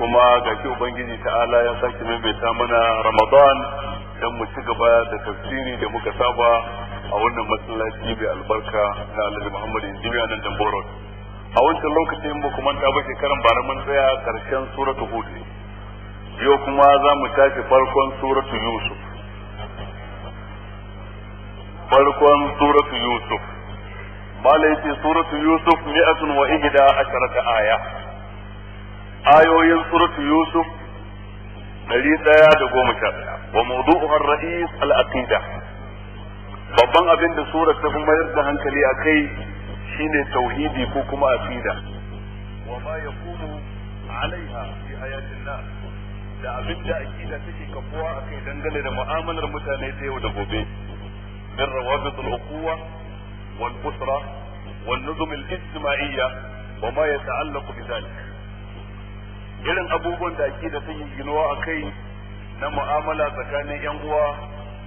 kuma ga shi ubangiji ta'ala ya sake bai mana ramadan don mu ci gaba da tafsiri da muka saba a wannan masallaci mai albarka na alhaji muhammad injiniya nan da borot a wancan lokacin mu kuma ta ba shekaran bara mun tsaya karshen suratu hudu yau kuma za mu tashi farkon suratu yusuf farkon suratu yusuf malai ce suratu yusuf mi'atun wa ihda asharata aya ayoyin suratu yusuf ɗari ɗaya da goma sha ɗaya wa mawdu'uhar ra'is al-aqida babban abin da surar ta fi mayar da hankali a kai shine tauhidi ko kuma aqida wa ma yaqumu alaiha fi hayatin nas da abin da aqida take kafuwa a kai dangane da mu'amalar mutane ta yau da gobe min rawabit al-uquwa wal usra wal nuzum al-ijtimaiyya wa ma yata'allaqu bi irin abubuwan da ake da sun yi ginuwa a kai na mu'amala tsakanin 'yan uwa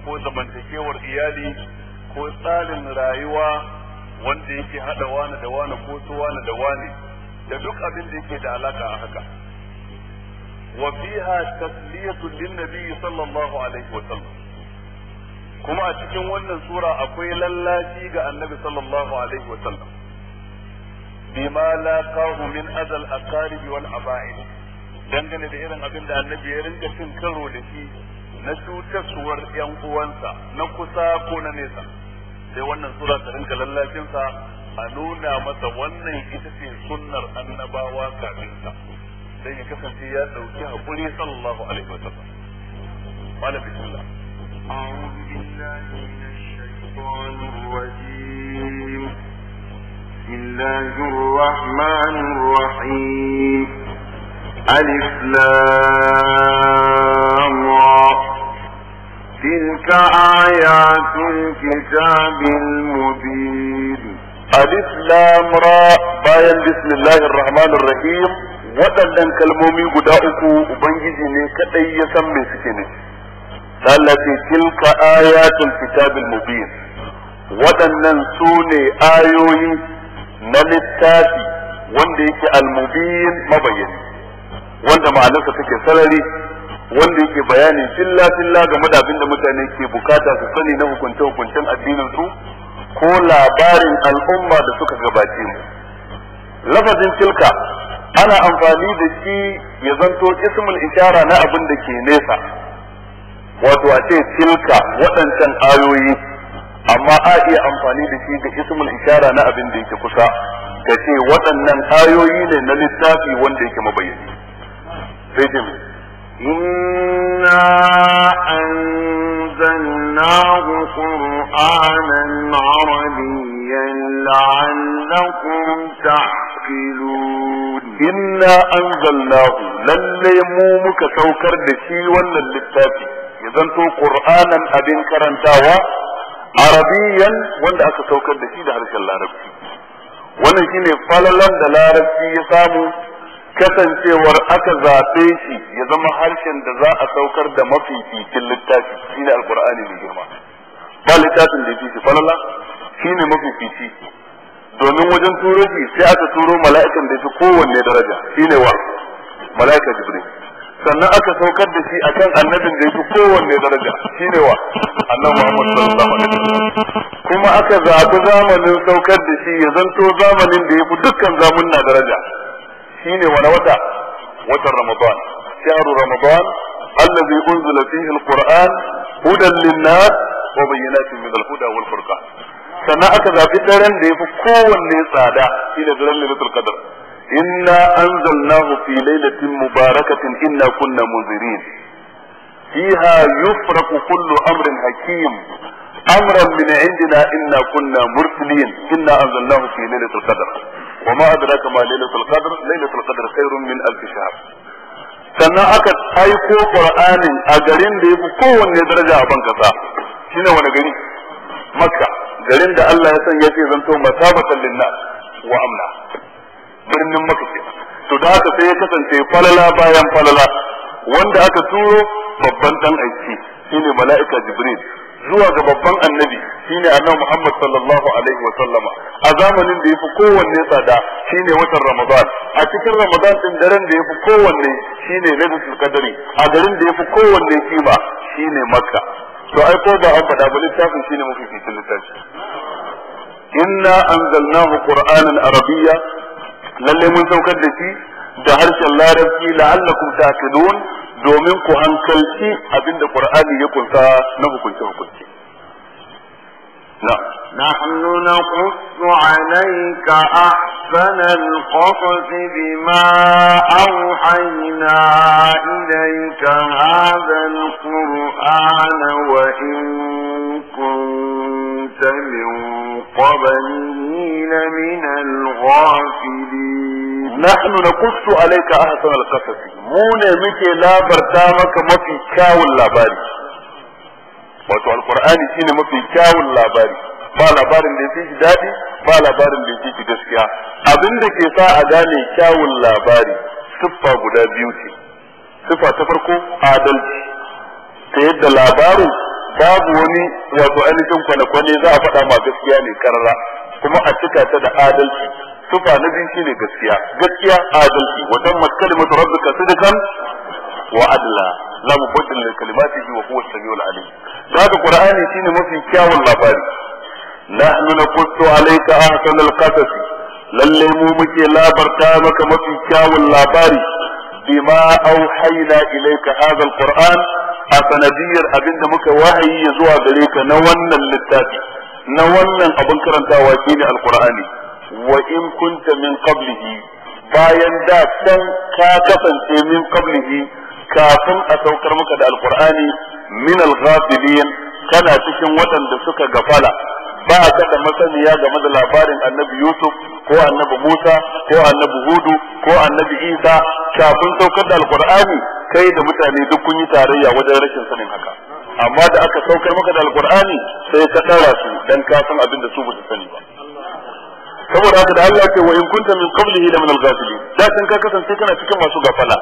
ko zamantakewar iyali ko tsarin rayuwa wanda yake haɗa wani da wani ko su wani da wani da duk abin da yake da alaka a haka wa fiha tasliyatu linnabi sallallahu alaihi wa sallam kuma a cikin wannan sura akwai lallaci ga annabi sallallahu alaihi wa sallam bima laqahu min adal aqarib wal aba'id dangane da irin abin da annabi ya rinka cin karo da shi na cutarsuwar yan uwansa na kusa ko na nesa sai wannan sura ta rinka lallacinsa a nuna masa wannan ita ce sunnar annabawa kafin sa sai ya kasance ya dauki hakuri sallallahu alaihi wa Sallam. qala bismillah a'udhu billahi minash shaitanir rajim بسم الله الرحمن الرحيم ألف تلك آيات الكتاب المبين ألف لام را باين بسم الله الرحمن الرحيم waɗannan kalmomi guda uku ubangiji ne kadai ya san me suke ne tallafi tilka ayatul kitabil mubin waɗannan su ne ayoyi na littafi wanda yake al-mubin mabayani wanda ma'anarsa take sarari wanda yake bayani filla filla game da abin da mutane ke bukata su sani na hukunce hukuncin addinin su ko labarin al'umma da suka gabace mu lafazin tilka ana amfani da shi ya zanto ismul ishara na abin da ke nesa wato a ce tilka waɗancan ayoyi amma a iya amfani da shi ga ismul ishara na abin da yake kusa da ce waɗannan ayoyi ne na littafi wanda yake mabayyani بدم إنا أنزلناه قرآنا عربيا لعلكم تعقلون إنا أنزلناه للي مومك توكر لسيوا للتاتي إذن تو قرآنا أبن كرنتاوا عربيا ولا أسا بشي لسيوا لحرك الله ربي وانا هنا فللا لا ربي يسامو kasancewar aka zaɓe shi ya zama harshen da za a saukar da mafi fitin littafi ne alqur'ani mai girma ba littafin da yake falala ne mafi fiti domin wajen turo shi sai aka turo mala'ikan da fi kowanne daraja Shi ne wa mala'ika jibril sannan aka saukar da shi akan annabin da yake kowanne daraja Shi ne wa annabi Muhammad sallallahu alaihi wasallam kuma aka zaɓi zamanin saukar da shi ya zanto zamanin da yafi dukkan zamunna daraja shine wani wata watan ramadan shahru ramadan allazi unzila fihi alquran hudan linnas wa bayyinatin min alhuda wal furqan sannan aka zabi daren da yafi kowanne tsada shine daren lailatul qadr inna anzalnahu fi lailatin mubarakatin inna kunna munzirin fiha yufraqu kullu amrin hakim amran min indina inna kunna mursilin inna anzalnahu fi lailatul qadr wa ma adraka ma lailatul qadr lailatul qadr khairun min alf shahr sannan aka aiko qur'anin a garin da yafi kowanne daraja a bankasa shine wani gari makka garin da Allah ya sanya shi zanto masabatan linnas wa amna birnin makka to da haka sai ya kasance falala bayan falala wanda aka turo babban ɗan aiki shine mala'ika jibril zuwa ga babban annabi shine annabi Muhammad sallallahu alaihi wa sallama a zamanin da yafi kowanne tsada shine watan Ramadan a cikin Ramadan din daren da yafi kowanne shine Lailatul Qadri a garin da yafi kowanne kima shine Makka to ai ko ba an faɗa ba littafin shine mafi fitin littafi inna anzalnahu qur'anan arabiyya lalle mun saukar da shi da harshen larabci la'allakum ta'qilun domin ku hankalci abinda qur'ani ya kunsa na hukunce hukunci لا. نحن نقص عليك أحسن القصص بما أوحينا إليك هذا القرآن وإن كنت من قبله لمن الغافلين نحن نقص عليك أحسن القصص مو نمك لا بردامك ما في كاو اللاباري wato alqur'ani shine mafi kyawun labari ba labarin da yake ba labarin da yake gaskiya abin da ke sa a gane kyawun labari siffa guda biyu ce siffa ta farko adalci ta yadda labarin babu wani wato ainihin kwane-kwane za a faɗa ma gaskiya ne karara kuma a cika ta da adalci sifa na biyu shine gaskiya gaskiya adalci wajen makalimatu rabbika sidqan وأدلى لا الكلمات لكلماته وهو السميع العليم هذا القرآن يتيني مفي كاو اللفاري نحن نقص عليك أحسن القصص للي مومك لا برتامك مفي كاو اللفاري بما أوحينا إليك هذا القرآن أسنبير أبند مك وحي يزوى ذليك نونا للتاتي نونا أبن كرن تاواتيني القرآن وإن كنت من قبله بايندا كان كاكفا من قبله kafin a saukar maka da alqur'ani min alghafilin kana cikin waɗanda suka gafala ba ka kada masaniya game da labarin annabi yusuf ko annabi musa ko annabi hudu ko annabi isa kafin saukar da alqur'ani kai da mutane duk kun yi tarayya wajen rashin sanin haka amma da aka saukar maka da alqur'ani sai ka tsara su dan kafin abin da su ba sani ba saboda haka da Allah ce wa in kunta min qablihi la min al-ghafilin da san ka kasance kana cikin masu gafala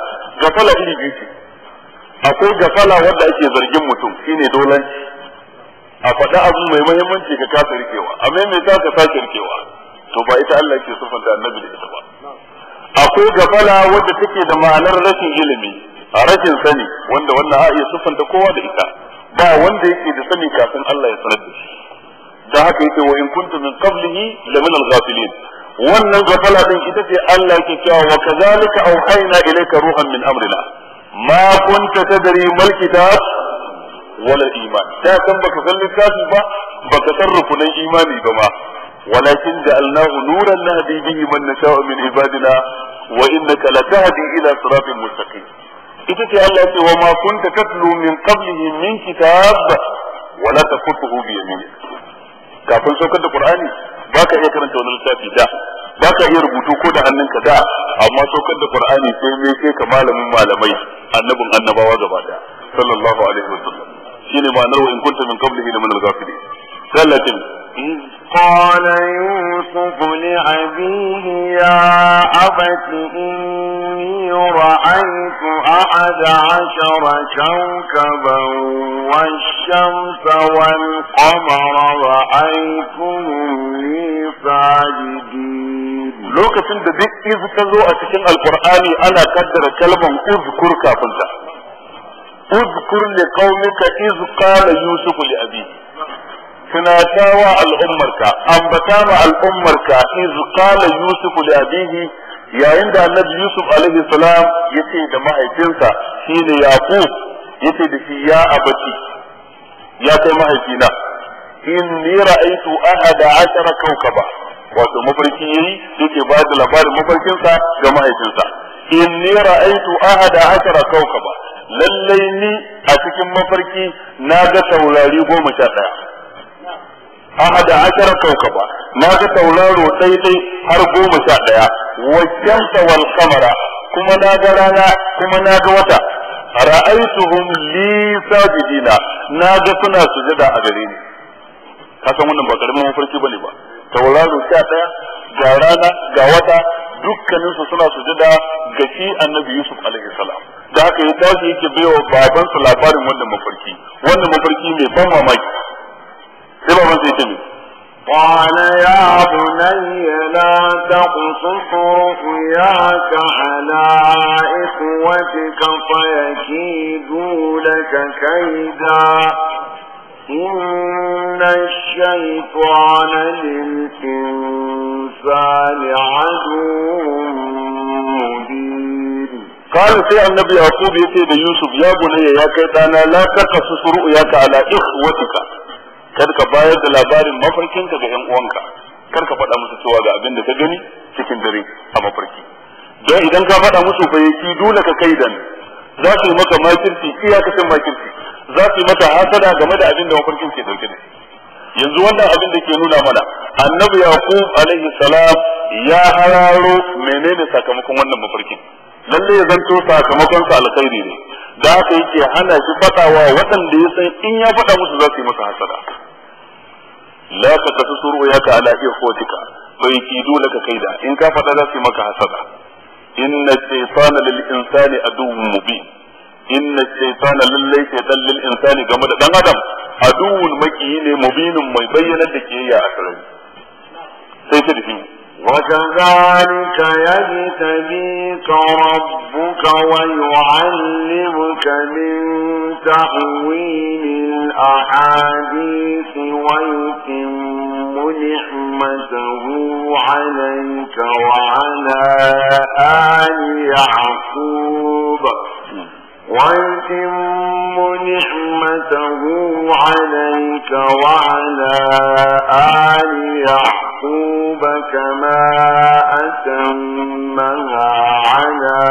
gafala ne biyu ce akwai gafala wanda ake zargin mutum shine dolanci a faɗa abu mai muhimmanci ka kasa rikewa amma mai ta ka sake rikewa to ba ita Allah ke sufanta annabi da ita ba akwai gafala wadda take da ma'anar rashin ilimi a rashin sani wanda wannan a iya sufanta kowa da ita ba wanda yake da sani kafin Allah ya sanar da shi da haka yake wa in kuntum min qablihi la min al-ghafilin wannan gafala din ita ce Allah yake cewa wa kazalika auhayna ilayka ruhan min amrina ma kunta tadri mal kitab wala iman da san baka san littafi ba baka san rukunin imani ba ma walakin ja'alnahu nuran nahdi bihi man nasha'u min ibadina wa innaka latahdi ila siratin mustaqim ita ce Allah ce wa ma kunta tatlu min qablihi min kitab wala takutuhu bi yaminika kafin saukar da qur'ani ba ka iya karanta wani littafi da ba ka iya rubutu ko da hannunka da amma saukar da qur'ani sai mai sai ka malamin malamai annabin annabawa gaba daya sallallahu alaihi wasallam shine ma'anar wa in kuntum min qablihi lamin al-ghafilin sallatin hmm? قال يوسف لعبيه يا أبت إني رأيت أحد عشر كوكبا والشمس والقمر رأيتهم لي ساجدين سند دبيك إذ تزو أتكين القرآن أنا كدر كلمة اذكر كافلتا اذكر لقومك إذ قال يوسف لأبيه تناتاوى wa al'ummarka ambata ma al'ummarka يوسف لأبيه yusuf عند النبي yayin da السلام yusuf alaihi salam حين da mahaifinsa shine يا أبتي da shi ya إني ya kai mahaifina كوكبا wato mafarki yayi yake ba da labarin mafarkinsa ga mahaifinsa inni ra'aytu ahada ashara kawkaba lallai ni a cikin mafarki na ga taurari goma sha ɗaya A'a ahada ashara kawkaba na ga tauraro daidai har goma sha daya wajjanta wal kamara kuma na ga rana kuma na ga wata ra'aituhum li sajidina na ga suna sujada a gare ni ka san wannan ba karamin mafarki bane ba tauraro sha daya ga rana ga wata dukkanin su suna sujada ga shi annabi Yusuf alaihi salam da haka ya tashi yake baiwa babansa labarin wannan mafarki wannan mafarki mai ban mamaki قال يا بني لا تقصص رؤياك على إخوتك فيكيدوا لك كيدا إن الشيطان للإنسان عدو مبين قال في النبي يعقوب يتي يوسف يا بني يا كيدانا لا تقصص رؤياك على إخوتك kar ka bayar da labarin mafarkinka ga yan uwanka kar ka faɗa musu cewa ga abin da ka gani cikin dare a mafarki don idan ka faɗa musu fa yaki dole ka kai dan za su yi maka makirci iyakacin makirci za su yi maka hasada game da abin da mafarkin ke dauke da yanzu wannan abin da ke nuna mana annabi yaqub alaihi salam ya hararo menene sakamakon wannan mafarkin lalle ya zanto sakamakon sa alkhairi ne da haka yake hana shi faɗawa waɗanda ya san in ya faɗa musu za su yi masa hasada la ta kasu suru ya ka ala ikhwatika bai kidu kai kaida in ka faɗa za maka hasada inna shaytana lil insani aduwwun mubin inna shaytana lallai shaytan lil insani game da dan adam aduwwun makiyi ne mubinin mai bayyanar da kiyayya a sarari sai ta dafi وكذلك يجتبيك ربك ويعلمك من تحويل الأحاديث ويتم نعمته عليك وعلى آل يعقوب ويتم نعمته عليك وعلى آل يعقوب كما أتمها على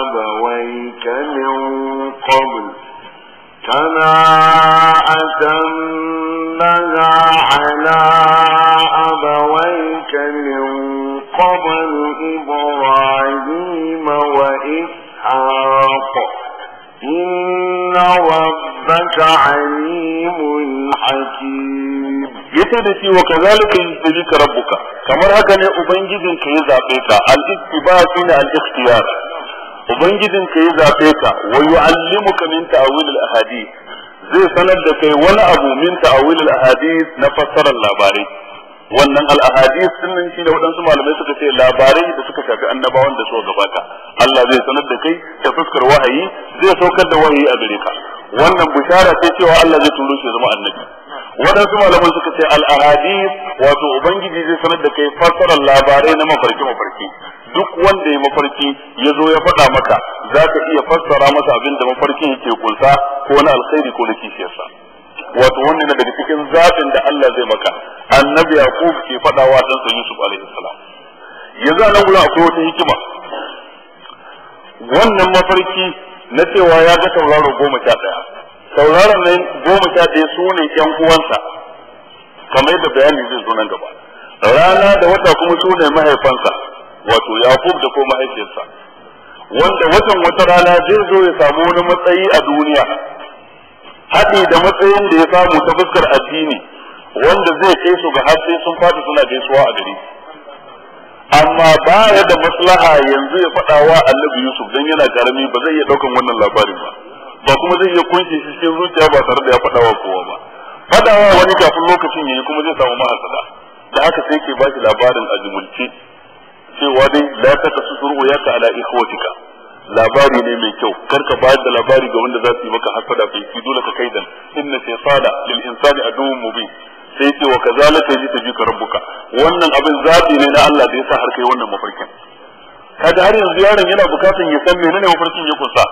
أبويك من قبل كما أتمها على أبويك من قبل إبراهيم وإسحاق ya ce da shi wa ka zalika yi da rabuka kamar haka ne ubangijin ka ya zaɓe ka al'ikhtiba shi ne al'ikhtiyar ubangijin ka ya zaɓe ka wa yi min ta'awil al zai sanar da kai wani abu min ta'awil al-ahadi na fassarar labarai wannan al-ahadith sun nan shine waɗansu malamai suka ce labarai da suka shafi annabawan da suka gabata Allah zai sanar da kai ta fuskar wahayi zai saukar da wahayi a gare ka wannan bishara ce cewa Allah zai turo shi zama annabi waɗansu malamai suka ce al wato ubangiji zai sanar da kai fassarar labarai na mafarki mafarki duk wanda ya mafarki ya zo ya faɗa maka za ka iya fassara masa abin da mafarkin yake kunsa ko na alkhairi ko na kishiyarsa wato wannan daga cikin zaɓin da Allah zai maka annabi yaqub ke faɗawa dan sa yusuf alaihi salam yanzu a nan gura akwai wata hikima wannan mafarki na cewa ya ga tauraro goma sha ɗaya tauraron nan goma sha su ne ƴan uwansa kamar yadda bayani zai zo nan gaba rana da wata kuma su ne mahaifansa wato yaqub da kuma mahaifiyarsa wanda watan wata rana zai zo ya samu wani matsayi a duniya haɗi da matsayin da ya samu ta fuskar addini wanda zai kai su ga har sai sun faɗi suna gaisuwa a gari. amma baya da maslaha yanzu ya faɗa wa annabi yusuf dan yana karami ba zai iya ɗaukan wannan labarin ba ba kuma zai iya kunshi shi cikin zuciya ba tare da ya faɗa wa kowa ba Faɗawa wani kafin lokacin yayi kuma zai samu mahasada da haka sai ke ba shi labarin a jumulce cewa dai la ta kasu ya ala ikhwatika labari ne mai kyau kar ka bayar da labari ga wanda za su yi maka hasada fa yi dole ka kai dan inna shaytana lil insani aduwwun mubin sai ce wa kazalika yajtabika rabbuka wannan abin zabi ne na Allah da yasa har kai wannan mafarkin kaga har yanzu yaron yana bukatan ya san menene mafarkin ya kusa.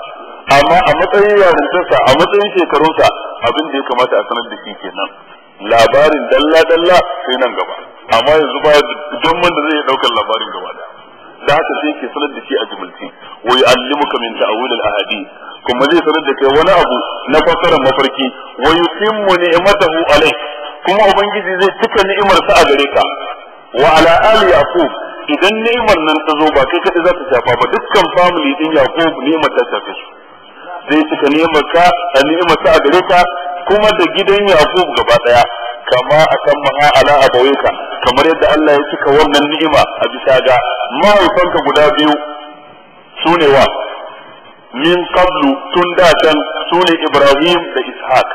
amma a matsayin yarintarsa a matsayin shekarunsa abin da ya kamata a sanar da shi kenan labarin dalla dalla sai nan gaba amma yanzu ba don wanda zai ɗaukar labarin gaba da da haka sai ke sanar da shi a jimilci wa ka min ta'wil al ahadi kuma zai sanar da kai wani abu na fasarar mafarki wa yutimmu ni'matahu alai kuma ubangiji zai cika ni'imar sa a gare ka wa ala ali yaqub idan ni'imar nan ta zo ba kai kadai za ta shafa ba dukkan family din yaqub ni'imar ta shafe su zai cika ni'imar ka a ni'imar sa a gare ka kuma da gidan yaqub gaba daya kama maha ala abawayka kamar yadda Allah ya cika wannan ni'ima a bisa ga mahaifanka guda biyu su ne wa min qablu tun da can su ne Ibrahim da Ishaq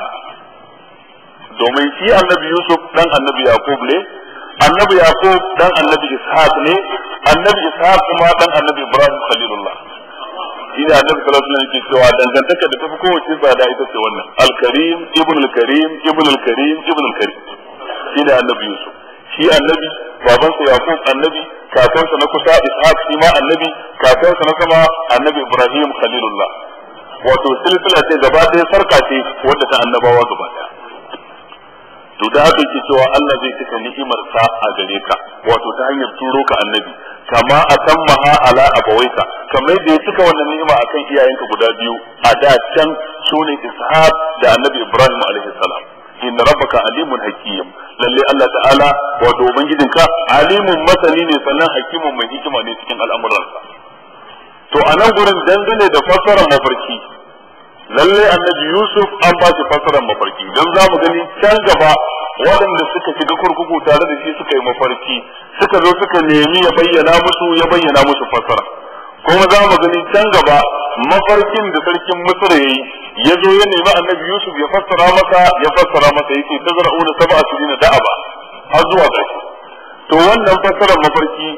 domin shi annabi Yusuf dan annabi Yaqub ne annabi Yaqub dan annabi Ishaq ne annabi Ishaq kuma dan annabi Ibrahim khalilullah ina annabi sallallahu alaihi wasallam yake cewa dangantaka da tafi kowace da ita ce wannan al-karim ibn al-karim ibn karim karim shi annabi Yusuf shi annabi babansa yakub annabi kakansa na kusa Ishaq shi ma annabi kakansa na sama annabi Ibrahim Khalilullah wato silsila ce gaba ɗaya sarka ce wadda ta annabawa gaba ɗaya to da haka yake cewa Allah zai cika ni'imar sa a gare ka wato ta hanyar turo ka annabi kama a kan maha ala abawaita kamar yadda ya cika wannan ni'ima akan iyayenka guda biyu a da can sune Ishaq da annabi Ibrahim alaihi salam inna rabbaka alimun hakim lalle Allah ta'ala wato ubangijinka alimun masani ne sannan hakimun mai hikima ne cikin al'amuransa to a nan gurin dangane da fassarar mafarki lalle annabi Yusuf an ba shi fassarar mafarki don za mu gani can gaba waɗanda suka shiga kurkuku tare da shi suka yi mafarki suka zo suka nemi ya bayyana musu ya bayyana musu fassara kuma za mu gani can gaba mafarkin da sarkin ya yayi ya zo ya nemi annabi yusuf ya fassara masa ya fassara masa yake tazra'una sab'a sinin da'aba har zuwa ƙarshe to wannan fassarar mafarki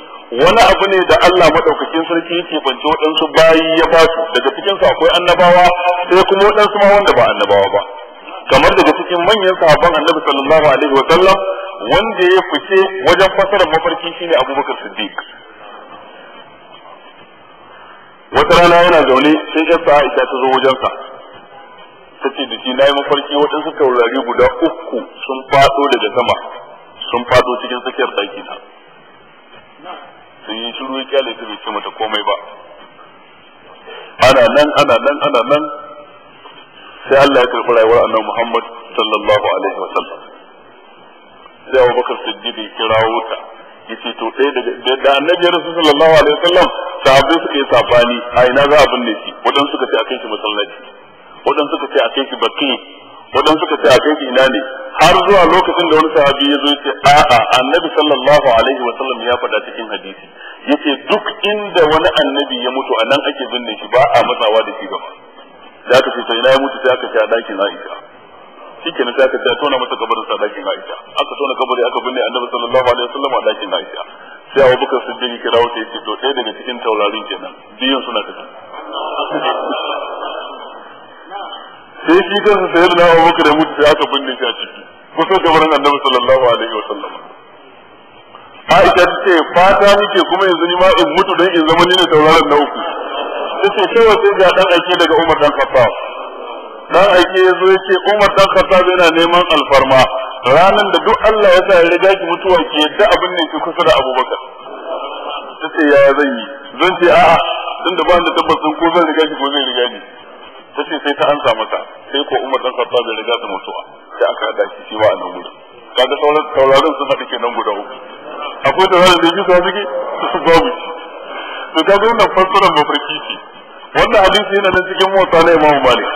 wani abu ne da Allah madaukakin sarki yake bance waɗansu bayi ya fasu daga cikin su akwai annabawa sai kuma waɗansu ma wanda ba annabawa ba kamar daga cikin manyan sahabban annabi sallallahu alaihi wa sallam wanda ya fice wajen fassarar mafarki shine Abubakar Siddiq wata rana yana zaune sai yarsa Aisha ta zo wajensa ta ce da shi na yi mafarki waɗansu taurari guda uku sun faɗo daga sama sun faɗo cikin tsakiyar ɗaki na sun yi shiru ya kyale ta bai ce mata komai ba ana nan ana nan ana nan sai Allah ya karɓi rayuwar annabi Muhammad sallallahu alaihi sallam sai Abubakar Siddiq ya kirawo ta yace to ɗaya daga da annabi rasul sallallahu alaihi wasallam sahabbai suka yi safani a ina za a binne shi wadan suka ce a kai shi masallaci wadan suka ce a kai shi baki wadan suka ce a kai shi ina ne har zuwa lokacin da wani sahabi ya zo yace a'a annabi sallallahu alaihi wasallam ya faɗa cikin hadisi yace duk inda wani annabi ya mutu a nan ake binne shi ba a matsawa da shi gaba zaka ce to ina ya mutu sai aka ce a ɗakin Aisha shikenan sai aka ce tona mata kabarin sa dakin Aisha aka tona kabari aka binne Annabi sallallahu alaihi wasallam a dakin Aisha sai Abu Bakar Siddiq kira wata yace to ɗaya daga cikin taurarin kenan biyun suna tafi sai shi kansa sai da Abu Bakar ya mutu sai aka binne shi a ciki kusa kabarin Annabi sallallahu alaihi wasallam Aisha ta ce fata muke kuma yanzu ni ma in mutu dan in zama ni ne tauraron na uku. Ta ce kawai sai ga dan aiki daga Umar dan Khattab. dan aike yazo yake Umar dan Khattab yana neman alfarma ranan da duk Allah ya sa ya riga ki mutuwa ki yadda abin ne ki kusa da Abubakar tace ya zan yi zan ce a'a tun da ba ni tabbacin ko zan riga ki ko zan riga ni tace sai ta ansa mata sai ko Umar dan Khattab ya riga ki mutuwa sai aka hada shi cewa a nan gudu kaga sauran sauraron su ke kenan guda uku akwai da zan da ji sa suke su babu to kaga wannan fassarar mafarki ce wannan hadisi yana nan cikin motsa na Imam Malik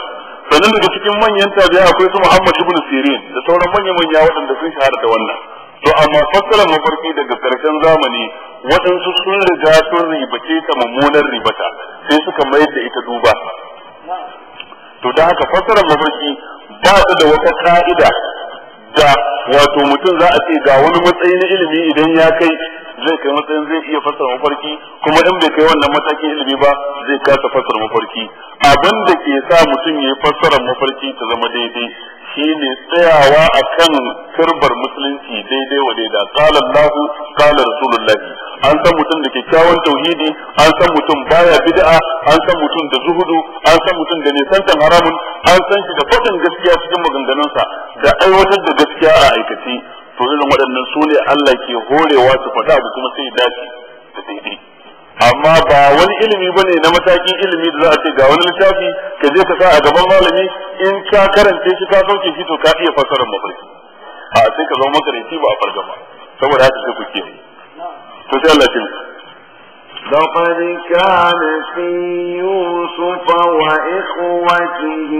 sannan daga cikin manyan tabi'a akwai su Muhammad ibn Sirin da sauran manya-manya waɗanda sun shahara da wannan to amma fassara mafarki daga karshen zamani waɗansu sun riga sun ribace ta mummunar ribata sai suka mayar da ita duba to da haka fassarar mafarki ba su da wata ka'ida da wato mutum za a ce ga wani matsayi na ilimi idan ya kai zai kai matsayin zai iya fassara mafarki kuma in bai kai wannan matakin ilimi ba zai kasa fassara mafarki abin da ke sa mutum ya yi fassara mafarki ta zama daidai shine tsayawa a kan turbar musulunci daidai wa daida qala Allahu qala Rasulullahi an san mutum da kyakkyawan tauhidi an san mutum baya bid'a an san mutum da zuhudu an san mutum da nisantan haramun an san shi da faɗin gaskiya cikin maganganunsa da aiwatar da gaskiya a aikace to irin waɗannan su ne Allah ke horewa su faɗa abu kuma sai dace da daidai amma ba wani ilimi ba ne na matakin ilimi da za a ce ga wani littafi ka je ka sa a gaban malami in ka karanta shi ka sauke shi to ka iya fasarar mafarki a sai ka zama makaranci ba a fargama saboda haka sai ku ke to sai Allah ya لقد كان في يوسف وإخوته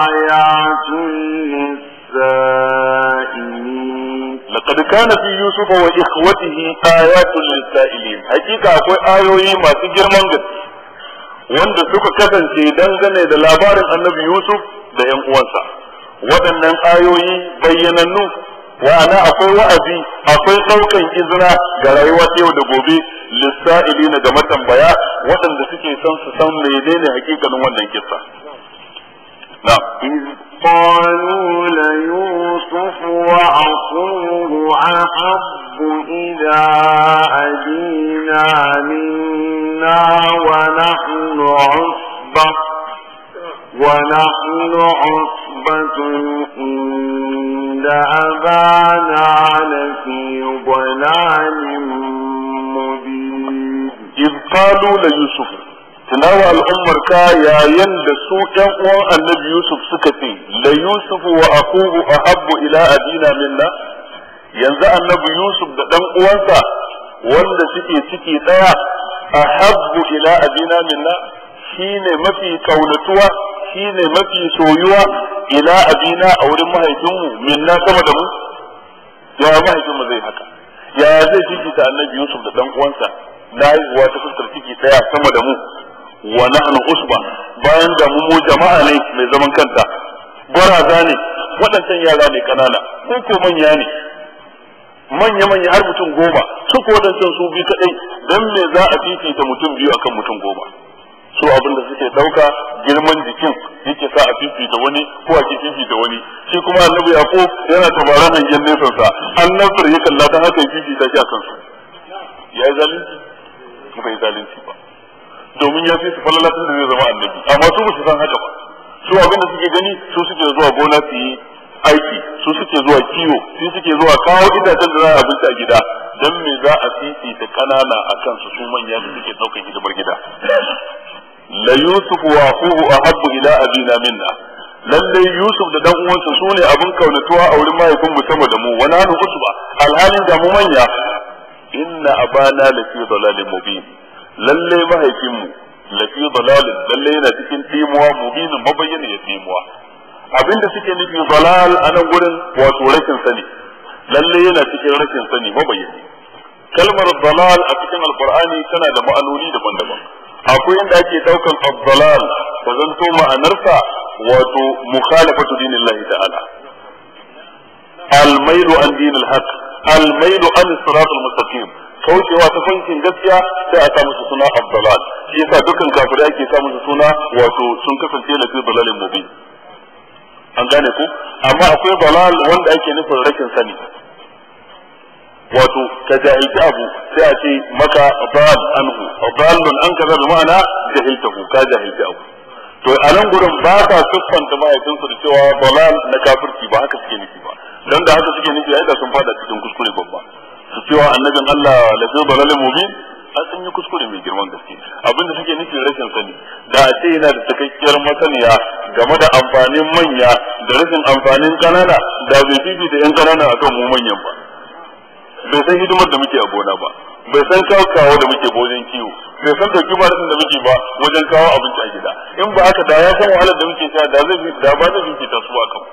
آيات للسائلين لقد كان في يوسف وإخوته آيات للسائلين حقيقة أقوى آيوي ما سجر منجد wanda suka kasance dangane da labarin annabi Yusuf da ‘yan uwansa, waɗannan ayoyi bayyanannu wa'ana akwai wa'azi akwai ɗaukan izina ga rayuwa ta yau da gobe lissa'ili na ga matambaya waɗanda suke son su san menene hakikalin wannan kissa. قالوا ليوسف وأخوه أحب إلى أبينا منا ونحن عصبة ونحن عصبة إن أبانا لفي ضلال مبين إذ قالوا ليوسف tunawa al'ummar ka yayin da su ɗan uwan annabi Yusuf suka ce la Yusuf wa akuhu ahabbu ila abina minna yanzu annabi Yusuf da ɗan uwansa wanda suke ciki ɗaya ahabbu ila abina minna shine mafi kaunatuwa shine mafi soyuwa ila abina a wurin mahaifinmu minna sama da mu ya mahaifinmu zai haka ya zai ta annabi Yusuf da ɗan uwansa na haihuwa ta fuskar ciki ɗaya sama da mu wa nahnu usba bayan da mu jama'a ne mai zaman kanta baraza ne waɗancan yara ne kanana ko ko manya ne manya manya har mutum goma su ko waɗancan su bi kadai dan me za a fifita mutum biyu akan mutum goma su abin da suke dauka girman jikin yake sa a fifita wani ko a fifita wani shi kuma annabi yaqo yana tabaran hangen nesan sa annabi ya kalla ta haka fifita shi akan su ya zalunci bai zalunci ba domin ya fi su falala da zai zama annabi amma su ba su san haka ba su abin da suke gani su suke zuwa gona su yi aiki su suke zuwa kiwo su suke zuwa kawo itacen da za a abinci a gida don me za a ta kanana kan su su manya su suke daukan hidimar gida la yusuf wa akhuhu ahabbu ila abina minna Lallai yusuf da dan uwansa sune ne abin kaunatuwa a wurin mahaifin mu sama da mu Wani nu usba alhalin da mu manya inna abana lafi dalalin mubin lalle mahaifinmu lafi dalalin lalle yana cikin timuwa mubinin mabayyana ya timuwa abinda suke nufi dalal a nan gurin wato rashin sani lalle yana cikin rashin sani mabayyana kalmar dalal a cikin alqur'ani tana da ma'anoni daban-daban akwai inda ake daukan ad-dalal zan zanto ma'anarsa wato mukhalafatu dinillahi ta'ala al-mailu an dinil haqq al-mailu an siratal mustaqim kaucewa ta fankin gaskiya sai a sa musu suna abdalal shi yasa dukkan kafirai ake sa musu suna wato sun kasance da fi dalalin mubin an gane ku amma akwai dalal wanda ake nufin rashin sani wato ka jahilci abu sai a ce maka dal anhu dalun an kaza da ma'ana ku ka jahilci abu to a nan gurin ba ta siffanta mahaifinsu da cewa dalal na kafirci ba haka suke nufi ba dan da haka suke nufi ai da sun fada cikin kuskure babba su cewa annabin Allah da fi dalalin mubi a sun yi kuskure mai girman gaske abinda suke nufin rashin sani da a ce yana da cikakkiyar masaniya game da amfanin manya da rashin amfanin kanana da bai fifi da yan kanana akan mu manyan ba bai san hidimar da muke a gona ba bai san kawo da muke wajen kiwo bai san dauki ba da muke ba wajen kawo abinci a gida in ba aka da ya san wahalar da muke sha da zai da ba zai fifi tasuwa kan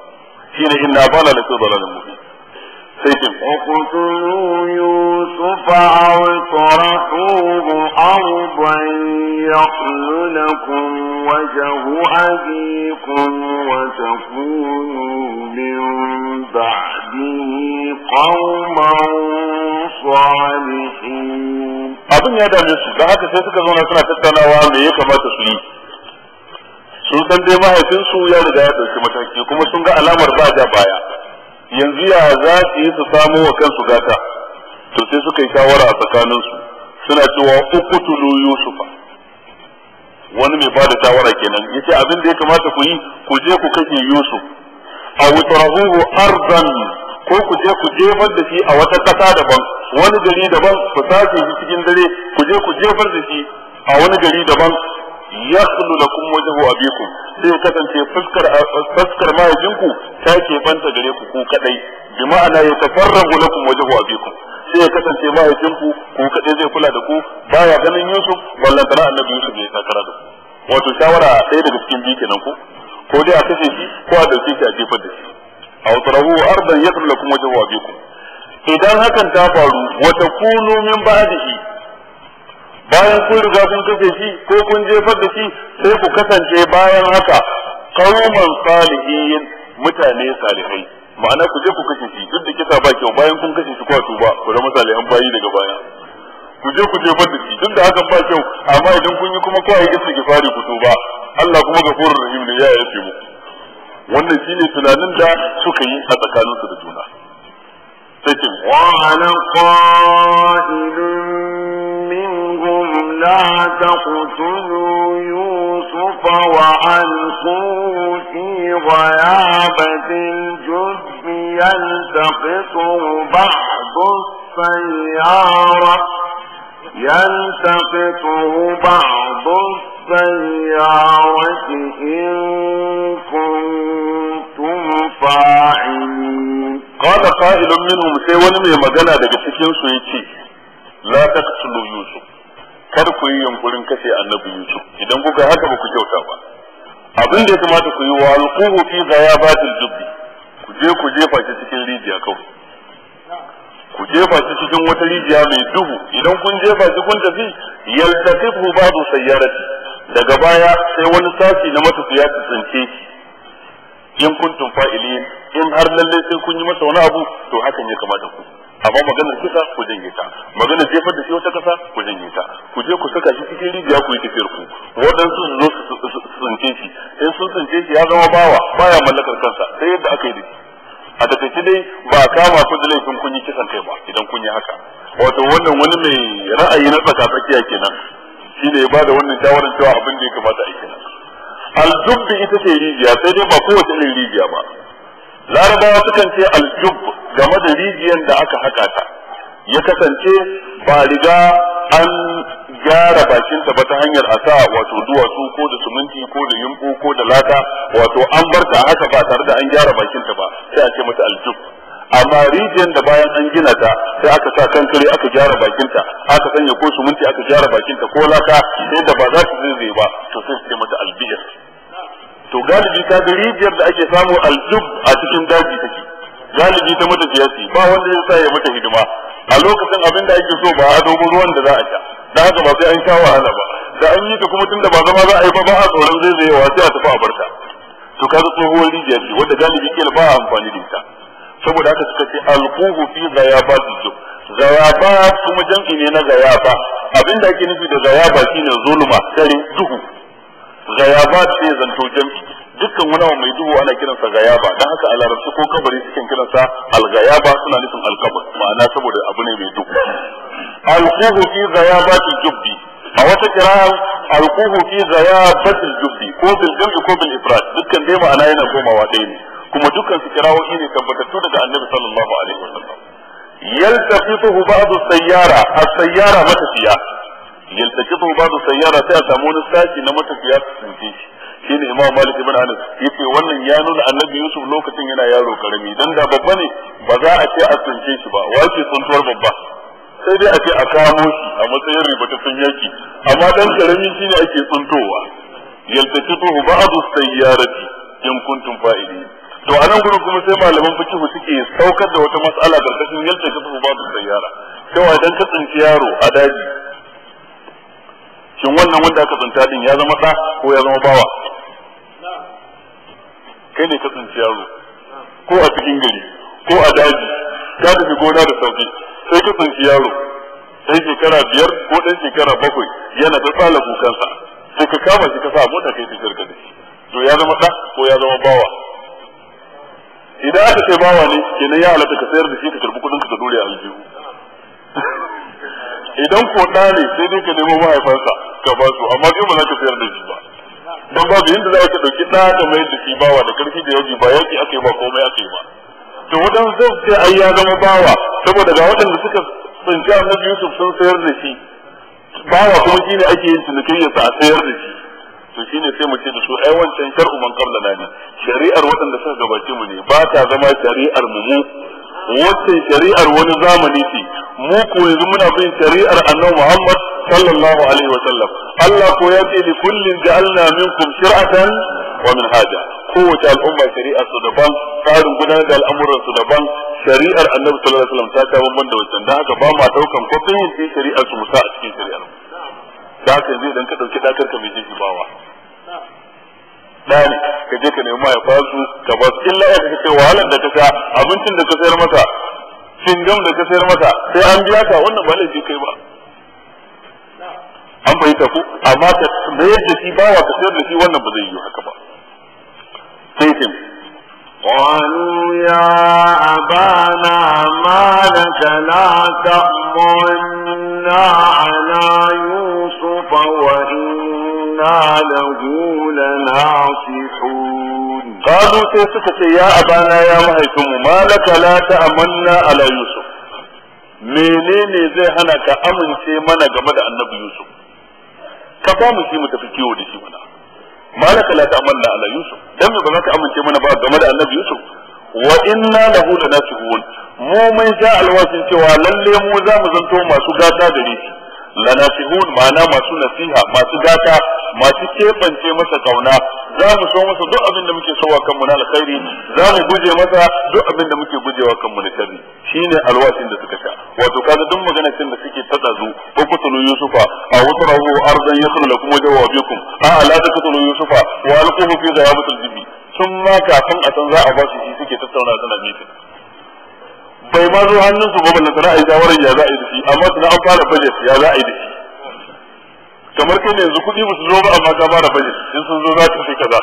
shi ne inna bala la fi dalalin mubin اقتلوا يوسف أو اطرحوه أرضا يحل لكم وجه أبيكم وتكونوا من بعده قوما صالحين abin ya dame su da haka sai suka zauna suna tattaunawa me ya kamata su yi sun san dai mahaifinsu ya riga ya ɗauki mataki kuma sun ga alamar ba ja baya yanzu ya za su yi su samo wa kansu gata to sai suka yi shawara a tsakaninsu suna cewa ukutulu yusufa wani mai bada shawara kenan yace abin da ya kamata ku yi ku je ku kashe yusuf aw tarahuhu ardan ko ku je ku jefar da shi a wata kasa daban wani gari daban ku sake shi cikin dare ku je ku jefar da shi a wani gari daban yakhlu lakum wajhu abikum sai kasance fuskar fuskar mahaifinku ta ke banta gare ku ku kadai bi ma'ana ya tafarragu lakum wajhu abikum sai ya kasance mahaifinku ku kadai zai kula da ku baya ganin Yusuf wallahi tana annabi Yusuf ya takara da ku wato shawara ɗaya daga cikin biyu kenan ku ko dai a kashe shi ko a dauke shi a jefar da shi aw tarahu ardan yakhlu lakum wajhu abikum idan hakan ta faru wa takunu min ba'dihi bayan kun riga kun kafe shi ko kun jefar da shi sai ku kasance bayan haka kauman salihin mutane salihai ma'ana ku je ku kashe shi duk da kisa ba kyau bayan kun kashe shi kwa ba ku zama salihan bayi daga baya ku je ku jefar da shi duk da hakan ba kyau amma idan kun yi kuma kwa ki fari ku tuba Allah kuma gafurur rahim ne ya yafe mu wannan shine tunanin da suka yi a tsakaninsu da juna sai ce wa لا تقتلوا يوسف وألقوه في غيابة الجب يلتقطه بعض السيارة يلتقطه بعض السيارة إن كنتم فاعلين قال قائل منهم سيولم يمدنا لك تكيوسو يتي لا تقتلوا يوسف kar ku yi yunkurin kashe annabi Yusuf idan kuka haka ba ku kyauta ba abin da ya kamata ku yi wa alquhu fi ghayabatil jubbi ku je ku jefa shi cikin rijiya kawai ku jefa shi cikin wata rijiya mai duhu idan kun jefa shi kun tafi yaltaqifu ba'du sayyarati daga baya sai wani sashi na matafiya su tsince in kuntum fa'ilin in har lalle sai kun yi masa wani abu to hakan ya kamata ku amma maganar kisa ku janye ta maganar jefar da shi wata kasa ku janye ta ku je ku saka shi cikin rijiya ku yi tafiyar ku waɗansu su zo su tsince shi in sun tsince shi ya zama bawa baya mallakar kansa sai yadda aka yi da shi a takaice dai ba kama ku da laifin kun yi kisan kai ba idan kun yi haka wato wannan wani mai ra'ayi na tsaka tsakiya kenan shi ne ya bada wannan shawarar cewa abin da ya kamata a yi kenan al-dubbi ita ce rijiya sai dai ba kowace irin rijiya ba larabawa sukan ce aljub game da rijiyar da aka haka ta ya kasance ba riga an gyara bakinta ba ta hanyar a sa wato duwatsu ko da suminti ko da yumbu ko da laka wato an bar ta haka ba tare da an gyara bakinta ba sai a ce mata aljub amma rijiyar da bayan an gina ta sai aka sa kankare aka gyara bakinta aka sanya ko suminti aka gyara bakinta ko laka sai da ba za su zai ba to sai su ce mata albiyar to galibi ta ga rijiyar da ake samu aljub a cikin daji take galibi ta mata siyasi ba wanda ya sa ya mata hidima a lokacin abinda ake so ba a dogon ruwan da za a sha da haka ba sai an sha wahala ba da an yi ta kuma tunda ba zama za a yi ba ba a tsoron zai zai wa sai a tafi a barta to kaga tsohuwar rijiyar ce wanda galibi kila ba amfani da ita saboda haka suka ce alquhu fi zayabat zub zayabat kuma jam'i ne na zayaba abinda ake nufi da zayaba shine zulma kare duhu Gayaba zai zanto jam'i dukkan wani mai duhu ana kiransa gayaba don haka a larabci ko kabari suke kiransa al'gayaba suna nufin al'kabar ma'ana saboda abu ne mai duhu alkuhu fi gayaba gayabati jubbi a wata kira'a alkuhu fi gayaba gayabati jubbi ko bil ko bil dukkan dai ma'ana yana komawa ɗaya ne kuma dukkan su kirawoyi ne tabbatattu daga annabi sallallahu alaihi wasallam fi ba'd as-sayyara as-sayyara matafiya yaltakitu ba'du sayyara sai a samu wani saki na matafiya su tsinke shi shine imam malik ibn anas yace wannan ya nuna annabi yusuf lokacin yana yaro karami dan da babba ne ba za a ce a tsinke shi ba wace tsuntuwar babba sai dai a ce a kamo shi a matsayin sun yaki amma dan karami shine ake tsuntowa yaltakitu ba'du sayyarati in kuntum fa'ilin to a nan gurin kuma sai malaman fikihu suke saukar da wata mas'ala karkashin yalta yaltakitu ba'du babu sayyara cewa idan ka tsinci yaro a daji shin wannan wanda aka tsinta din ya zama ɗa ko ya zama bawa kai ne ka tsinci yaro ko a cikin gari ko a daji ka tafi gona da sauki sai ka tsinci yaro sai shekara biyar ko ɗan shekara bakwai yana ta tsala kukansa sai ka kama shi ka sa mota kai ta shirka da shi to ya zama ɗa ko ya zama bawa idan aka ce bawa ne kenan ya halatta ka sayar da shi ka karbi kuɗin ka ka dore aljihu idan ko ɗa ne sai dai ka nemo mahaifansa ka ba su amma kai ba za ka sayar da shi ba don babu yadda za ka ɗauki ɗa da mai da ba bawa da ƙarfi da yaji ba yaki aka yi ba komai aka yi ba to wajen zai ce ai ya zama bawa saboda ga waɗanda suka tsinci annabi Yusuf sun sayar da shi bawa kuma ne ake yin cinikayya sa a sayar da shi to ne sai mu ce da su ai wancan shar'u man qabla ne shari'ar waɗanda suka gabace mu ne ba ta zama shari'ar mu wacce shari'ar wani zamani ce mu ko yanzu muna bin shari'ar annabi Muhammad sallallahu alaihi wa sallam Allah ko ya ce ni kullin ja'alna minkum shir'atan wa minhaja kowace al'umma shari'ar su daban tsarin gudanar da al'amuran su daban shari'ar annabi sallallahu alaihi wa sallam ta ta bamban da wancan dan haka ba ma daukan kwafin shari'ar su musa a cikin shari'ar mu da haka zai dan ka dauki dakar ka mai bawa. ɗan ka je ka nemi ma ya fasu ka ba su illa ya kace wahalar da ka sa abincin da ka sayar masa singam da ka sayar masa sai an biya ka wannan ba laifi kai ba an fahimta ku amma ka mayar da shi bawa ka sayar da shi wannan ba zai yi haka ba sai sai قالوا يا أبانا ما لك لا تأمنا على يوسف وإن وإنا له لناصحون قالوا سيسكت يا أبانا يا مهيتم ما لك لا تأمنا على يوسف menene zai hana ka amince mana game da annabi Yusuf ka ba mu shi mu tafi kiwo da shi mana malaka la ta'amanna ala Yusuf dan me ba za ka amince mana ba game da annabi Yusuf wa inna lahu lanasihun mu mai sha alwasin cewa lalle mu za mu zanto masu gata da shi lanasihun ma'ana masu nasiha masu gata masu kebance masa kauna za mu so masa duk abin da muke sowa kanmu na alkhairi za mu guje masa duk abin da muke gujewa kanmu na sharri shine alwasin da suka sha wato kaga duk magana cin da suke tada zu ko kutulu yusufa a wutarahu ardan yakhlu lakum wajhu abikum a la takutulu yusufa wa alquhu fi dhayabatil jibi sun ma kafin a san za a ba shi suke tattauna suna mitin bai ma zo hannun su ba ballan sana a yi shawarar ya za a yi da shi amma tana an fara budget ya za a yi da shi kamar kai ne yanzu kuɗi ba su zo ba amma ka fara budget in sun zo za ka fi kaza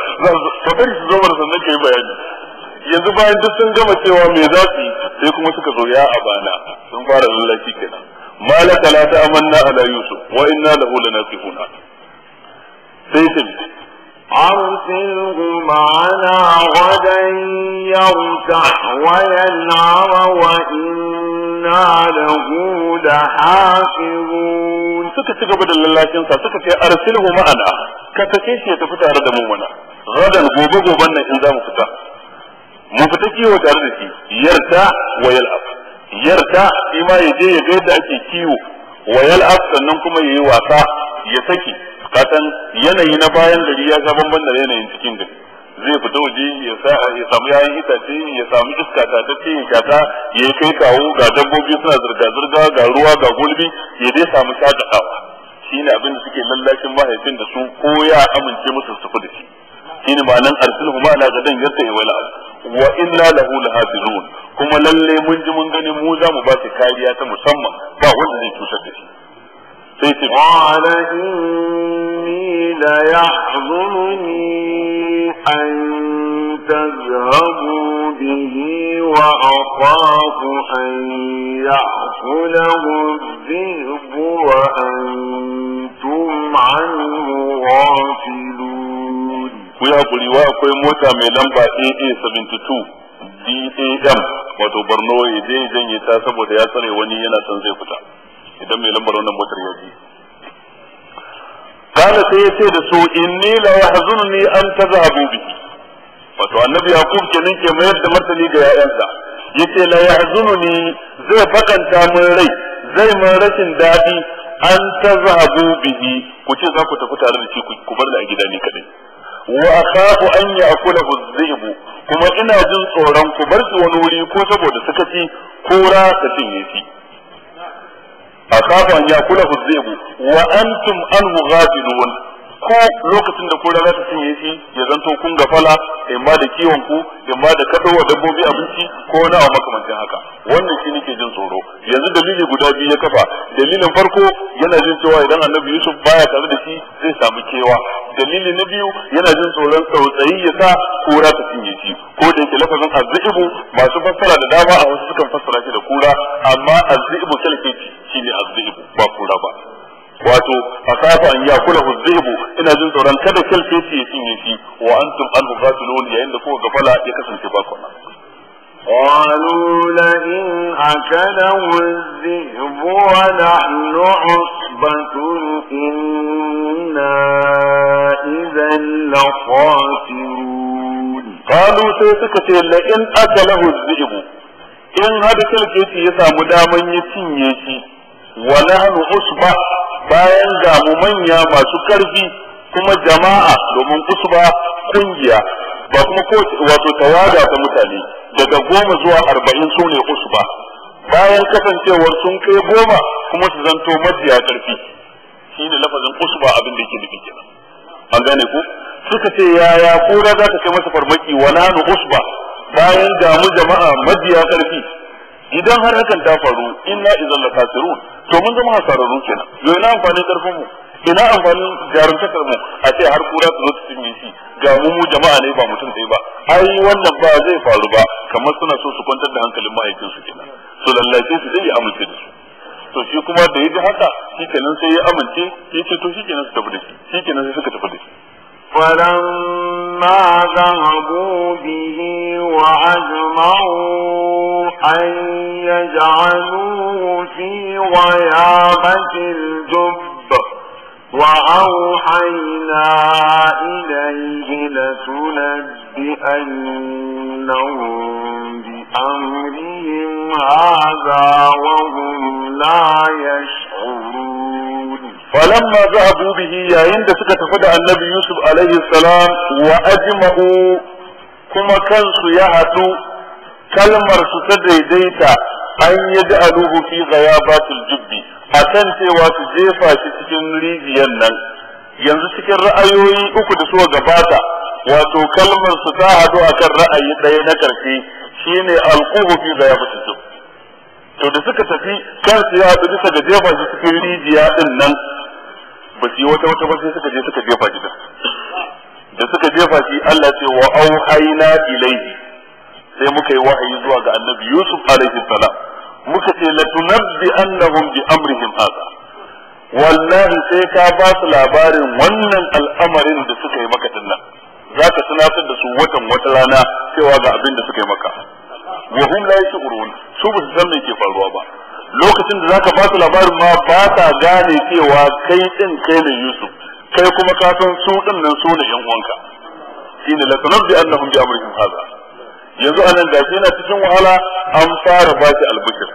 ka bari su zo da sannan ka yi bayani yanzu bayan duk sun gama cewa me za su yi sai kuma suka zo ya a bana sun fara lallaki kenan malaka la ta amanna ala yusuf wa inna lahu lanasihuna sai sai أرسله معنا غدا يرتح وينعم وإنا له لحافظون suka ci gaba da lallacinsa suka ce arsilhu ma'ana ka take shi ya tafi tare da mu mana gadan gobe goben nan in za mu fita mu fita kiwo tare da shi yarda wa yal'af yarda ima ya je ya ga yadda ake kiwo wayal yal'af sannan kuma yayi wasa ya saki Katan yanayi na bayan gari ya sha ban da yanayin cikin gari zai fito waje ya samu yayin itace ya samu iska ta ta ya shata ya yi kai kawo ga dabbobi suna zirga zirga ga ruwa ga gulbi ya dai samu shakatawa shine abin da suke lallashin mahaifin da su ko ya amince musu su da shi ne ma'anan arsilhu ma ga gadan yarta ya wala wa inna lahu lahafizun kuma lalle mun ji mun gani mu za mu ba shi kariya ta musamman ba wanda zai cutar da shi sai ce قال إني ليحزنني أن تذهبوا به وأخاف أن يأكله الذئب وأنتم عنه غافلون ku yi hakuri akwai mota mai lamba AA72 DAM wato Borno ya je janye ta saboda ya tsare wani yana son zai fita. idan mai lambar wannan motar ya ji kala sai ya ce da su inni la yahzununi an tazhabu bihi wato annabi yaqub kenan ke mayar da martani ga yayansa yace la ni zai bakanta mun rai zai mun rashin dadi an tazhabu bihi ku ce za ku tafi tare da shi ku bar a gida ni kadai wa akhafu an ya'kulahu dhi'bu kuma ina jin tsoron ku bar shi wani wuri ko saboda sakaci ko ra ta cinye shi akafa an yakula hu wa antum anhu ghafilun ko lokacin da kura za ta cinye shi ya zanto kun gafala in ma da kiwon ku in ma da kaɗo wa dabbobi abinci ko wani a makamancin haka wannan shi nake jin tsoro yanzu dalili guda biyu ya kafa dalilin farko yana jin cewa idan annabi yusuf baya tare da shi zai samu kewa dalili na biyu yana jin tsoron tsautsayi ya sa kura ta cinye shi ko da yake lafazin azzibu masu fassara da dama a wasu sukan fassara shi da kura amma azzibu kalkeci shine azzibu ba kura ba wato a kafa an kula dhibu ina jin tsoron kada kalceci ya cinye shi wa antum anhu ghafilun yayin da kuka gafala ya kasance ba ku قالوا لئن أكله الذئب ونحن عصبة إنا إذا لخاسرون قالوا لئن أكله الذئب إن هذا كل ya samu daman ya cinye shi wa nahnu usba bayan damu manya masu karfi kuma jama'a domin usba kungiya ba kuma ko wato tawaga ta mutane daga goma zuwa arba'in su ne bayan kasancewar sun kai goma kuma su zanto mafiya karfi shi ne lafazin usba abin da ke nufi kenan an gane ku suka ce yaya kura za ka kai masa farmaki wa nanu usba bayan damu jama'a mafiya karfi idan har hakan ta faru inna idan la kasirun to mun zama hasararru kenan yau ina amfanin karfin mu ina amfanin jarumtakar mu a ce har kura su zo su cinye shi ga mu mu jama'a ne ba mutum ɗaya ba ai wannan ba zai faru ba kamar suna so su kwantar da hankalin ma'aikin su kenan to lallace su zai yi amince da su to shi kuma da ya ji haka shi kenan sai ya amince shi ce to shi kenan su tafi da shi shi kenan sai suka tafi da shi فلما ذهبوا به وأجمعوا أن يجعلوه في غيابة الجب وأوحينا إليه لتنبئنهم بأمرهم هذا وهم لا يشعرون falamma zahabu bihi yayin da suka tafi da annabi yusuf alaihi salam wa ajma'u kuma kansu ya haɗu kalmar su ta daidaita an yaj'aluhu fi ghayabatil jubbi akan cewa su jefa shi cikin rijiyar nan yanzu cikin ra'ayoyi uku da suka gabata wato kalmar su ta hadu akan ra'ayi ɗaya na ƙarshe shine alquhu fi ghayabatil jubbi to da suka tafi kansu ya haɗu bisa ga jefa shi cikin rijiya din nan ba su yi wata wata ba sai suka je suka jefa shi da suka jefa shi Allah ce wa auhayna ilayhi sai muka yi wahayi zuwa ga annabi Yusuf alaihi salam muka ce tunabbi annahum bi amrihim hada wallahi sai ka ba su labarin wannan al'amarin da suka yi maka dinnan zaka ka tunatar da su watan wata rana cewa ga abin da suka yi maka wa hum la yashurun su ba su san me ke faruwa ba lokacin da zaka ba su labarin ma ba ta gane cewa kai din kai ne Yusuf kai kuma ka san su din nan su ne yan uwanka shine la tanabbi annahum bi amrihim hadha yanzu anan da yana cikin wahala an fara ba shi albukir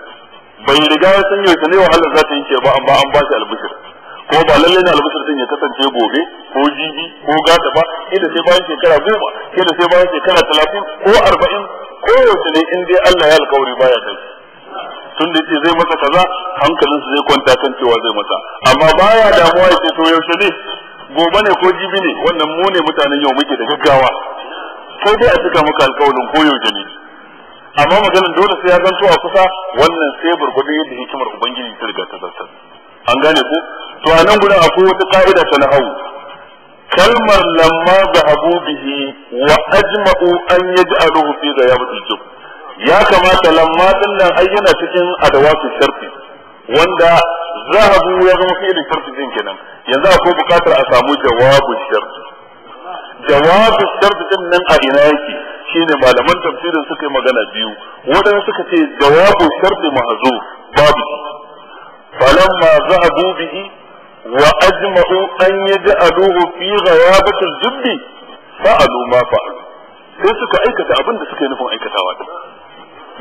bai riga ya san yau ne wahalar za ta yi ba amma an ba shi albukir ko ba lalle ne albukir din ya kasance gobe ko jibi ko gata ba da sai bayan shekara goma da sai bayan shekara talatin ko arba'in ko yaushe ne in dai Allah ya alkawari baya kai tun da zai masa kaza hankalin su zai kwanta kan cewa zai masa amma baya damuwa yace to yaushe ne gobe ne ko jibi ne wannan mu ne mutanen yau muke da gaggawa Ko dai a cika maka alƙawarin ko yaushe ne amma maganin dole sai ya zanto a kusa wannan sai burgudu yadda hikimar ubangiji ta riga ta zartar an gane ko to a nan gudan akwai wata ka'ida ta na hau kalmar lamma zahabu bihi wa ajma'u an yaj'aluhu fi ya jub ya kamata lamma din nan ai yana cikin adawatu sharti wanda zahabu ya zama fi'il sharti din kenan yanzu akwai bukatar a samu jawabu sharti jawabu sharti din nan a ina yake shine malaman tafsirin suka yi magana biyu wadanda suka ce jawabu sharti mahzu babu falamma zahabu bihi wa ajma'u an yaj'aluhu fi ya al-jubbi fa'alu ma fa'alu sai suka aikata abin da suka yi nufin aikatawa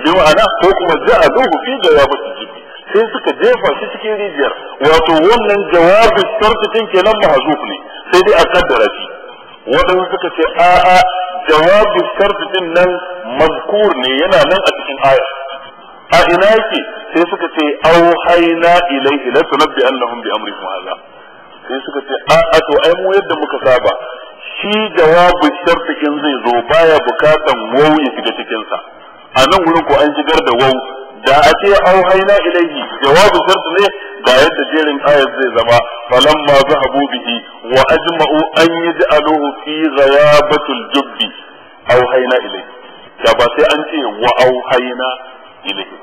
bi ma'ana ko kuma a ja'aluhu fi jawabin jibi sai suka jefa shi cikin rijiyar wato wannan jawabin tartibin kenan mahzuf ne sai dai a kaddara shi waɗansu suka ce a'a jawabi sharfin nan mazkur ne yana nan a cikin aya a ina yake sai suka ce au haina ilaihi la tunabbi annahum bi amri hadha sai suka ce a'a to ai mu yadda muka saba shi jawabi sharfin zai zo baya bukatan wau ya shiga cikin sa a nan wurin ko an shigar da wau da a ce au haina ilaihi jawabu shart ne ga yadda jerin ayat zai zama falamma zahabu bihi wa ajma'u an yaj'aluhu fi ghayabatil jubbi au haina ilaihi da ba sai an ce wa au haina ilaihi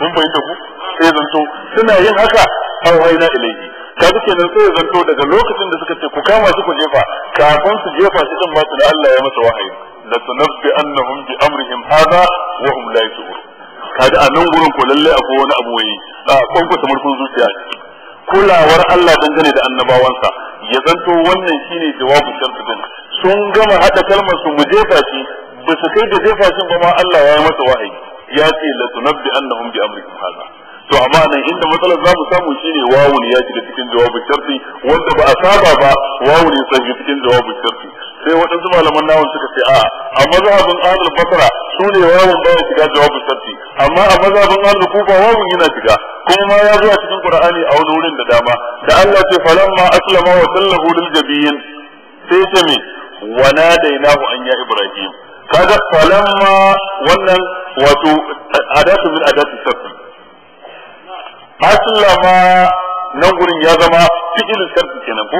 kun fahimta ku sai zanto suna yin haka au haina ilaihi kaga nan sai zanto daga lokacin da suka ce ku kama shi ku jefa kafin su jefa shi din ba su da Allah ya masa wahayi la tunabbi annahum bi amrihim hadha wa hum la yashurun a nan gurin ko lalle akwai wani abu wai a ta murfin zuciya kulawar Allah dangane da annabawansa ya zanto wannan shine jawabu din. sun gama hada kalmar su mu jefa shi ba su kai da jefa shi ba ma Allah ya yi masa wahayi ya ce la tunabbi annahum bi amrihim hadha to amma nan inda matsalar zamu samu shine wawun ya shiga cikin jawabin sharti wanda ba a saba ba wawun ya shiga cikin jawabin sharti malaman nawon suka ce a a mazhabin ahlul basra su ne wawun baya shiga jawabin sarki amma a mazhabin ahlul kufa wawan yana shiga kuma ma ya zuwa cikin qur'ani a wani wurin da dama da Allah ce falamma aslama wa sallahu lil jabin sai ce me wa nadainahu an ya ibrahim kaga falamma wannan wato adatu min adatu sarki aslama nan gurin ya zama cikin sarki kenan ko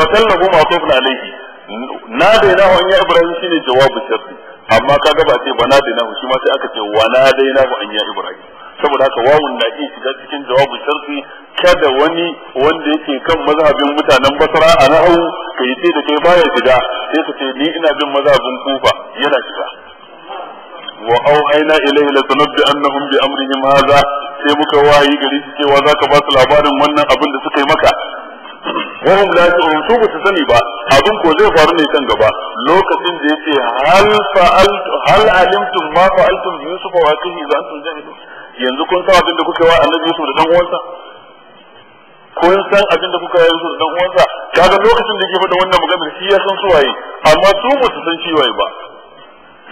wa sallahu ma tufla alaihi na da yana hu anya ibrahim shine jawabu sharri amma ka ga ba ce ba na da hu shi ma sai aka ce wa na da yana hu anya ibrahim saboda haka wawun na iya shiga cikin jawabu sharri kada wani wanda yake kan mazhabin mutanen basra a nahu kai ce da kai baya shiga sai ka ce ni ina bin mazhabin kufa yana shiga wa auhayna ilayhi la tunabbi annahum bi amrihim hadha sai muka wayi gari cewa zaka ba su labarin wannan abin da suka yi maka wahum la yashurun su ba su sani ba abin ko zai faru ne kan gaba lokacin da yace hal fa'altu hal alimtum ma fa'altum yusuf wa akhihi idan antum jahilun yanzu kun san abin da kuka yi wa annabi yusuf da dan uwansa kun san abin da kuka yi yusuf da dan uwansa kaga lokacin da yake faɗa wannan maganar shi ya san su waye amma su ba su san shi waye ba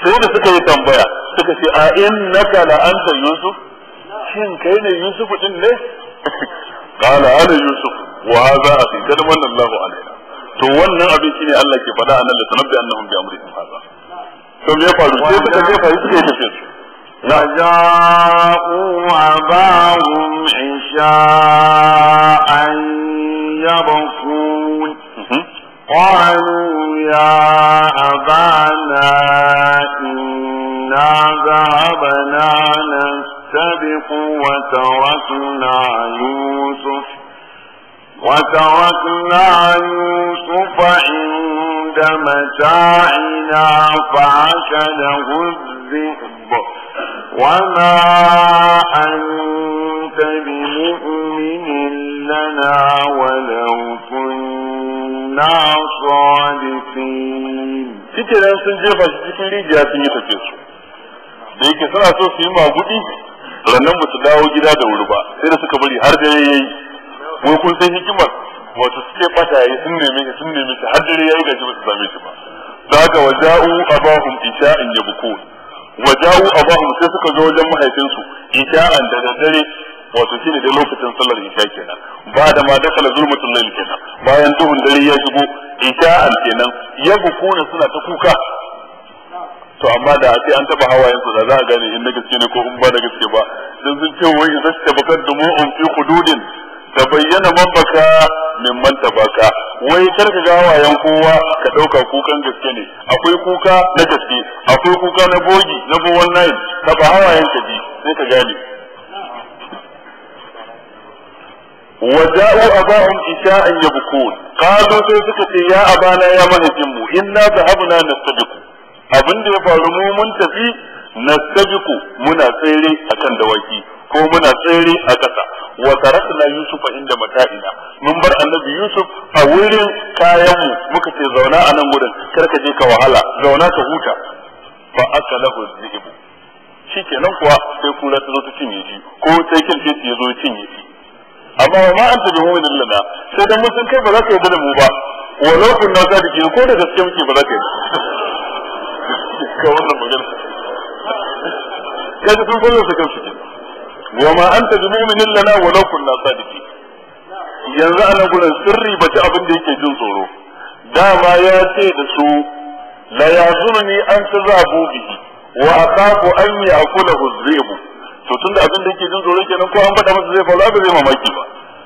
sai da suka yi tambaya suka ce a innaka la anta yusuf shin kai ne yusuf din ne قال ala yusuf wa hadha akhi الله manna Allahu alaina wannan abin shine Allah ke faɗa anan da tanabbi annahum bi amrihim hadha to me fa أباهم عشاء يبكون قالوا يا أبانا إنا ذهبنا نستطيع فاستبقوا وتركنا يوسف وتركنا يوسف عند متاعنا فأكله الذئب وما أنت بمؤمن لنا ولو كنا صادقين. Cikin sun jefa shi cikin rijiya sun yi tafiye su. da yake suna so su yi magudi rannan ba su dawo gida da wuri ba sai da suka bari har dare yayi wai kun san hikimar wato suke fata yayi sun neme shi sun neme shi har dare yayi gaji ba su same shi ba da haka waja'u abahum isha'in yabkun waja'u abahum sai suka zo wajen mahaifinsu isha'an da dare wato shine da lokacin sallar isha kenan ba da ma dakala zulmatul layl kenan bayan duhun dare ya shigo isha'an kenan yabkuna suna ta kuka to amma da a ce an taba hawayen su da za a gane in na gaske ne ko in ba na gaske ba dan sun ce wai idan ta bakar in fi hududin ta bayyana man baka min man tabaka wai kar ka ga hawayen kowa ka dauka kukan gaske ne akwai kuka na gaske akwai kuka na bogi na bowan nayin ka ba hawayen ka ji sai ka gane وجاءوا أباهم إشاء يبكون قالوا سيسكت يا أبانا يا مهجم إنا ذهبنا نستبق abin da ya faru mu mun tafi na sabiku muna tsere a kan dawaki ko muna tsere a ƙasa wa tarakna yusufa inda mata'ina mun bar annabi yusuf a wurin kayan mu muka ce zauna a nan gurin kar ka je ka wahala zauna ka huta fa akalahu dhibu shikenan kuwa sai kura ta zo ta cinye shi ko sai kirki ta zo cinye shi amma wa ma anta bi mu'minin lana sai dan mun kai ba za ka yi da mu ba walau ka sadiki ko da gaske muke ba za ka yi ka wannan magana kaga sun sanar da kansu wa ma anta bi mu'minin lana walau kunna sadiqi yanzu ana gudun sirri bace abin da yake jin tsoro dama ya ce da su la yazunni an ta tazabu bihi wa aqafu an ya'kulahu dhibu to tun da abin da yake jin tsoro kenan ko an faɗa masa zai faru ba zai mamaki ba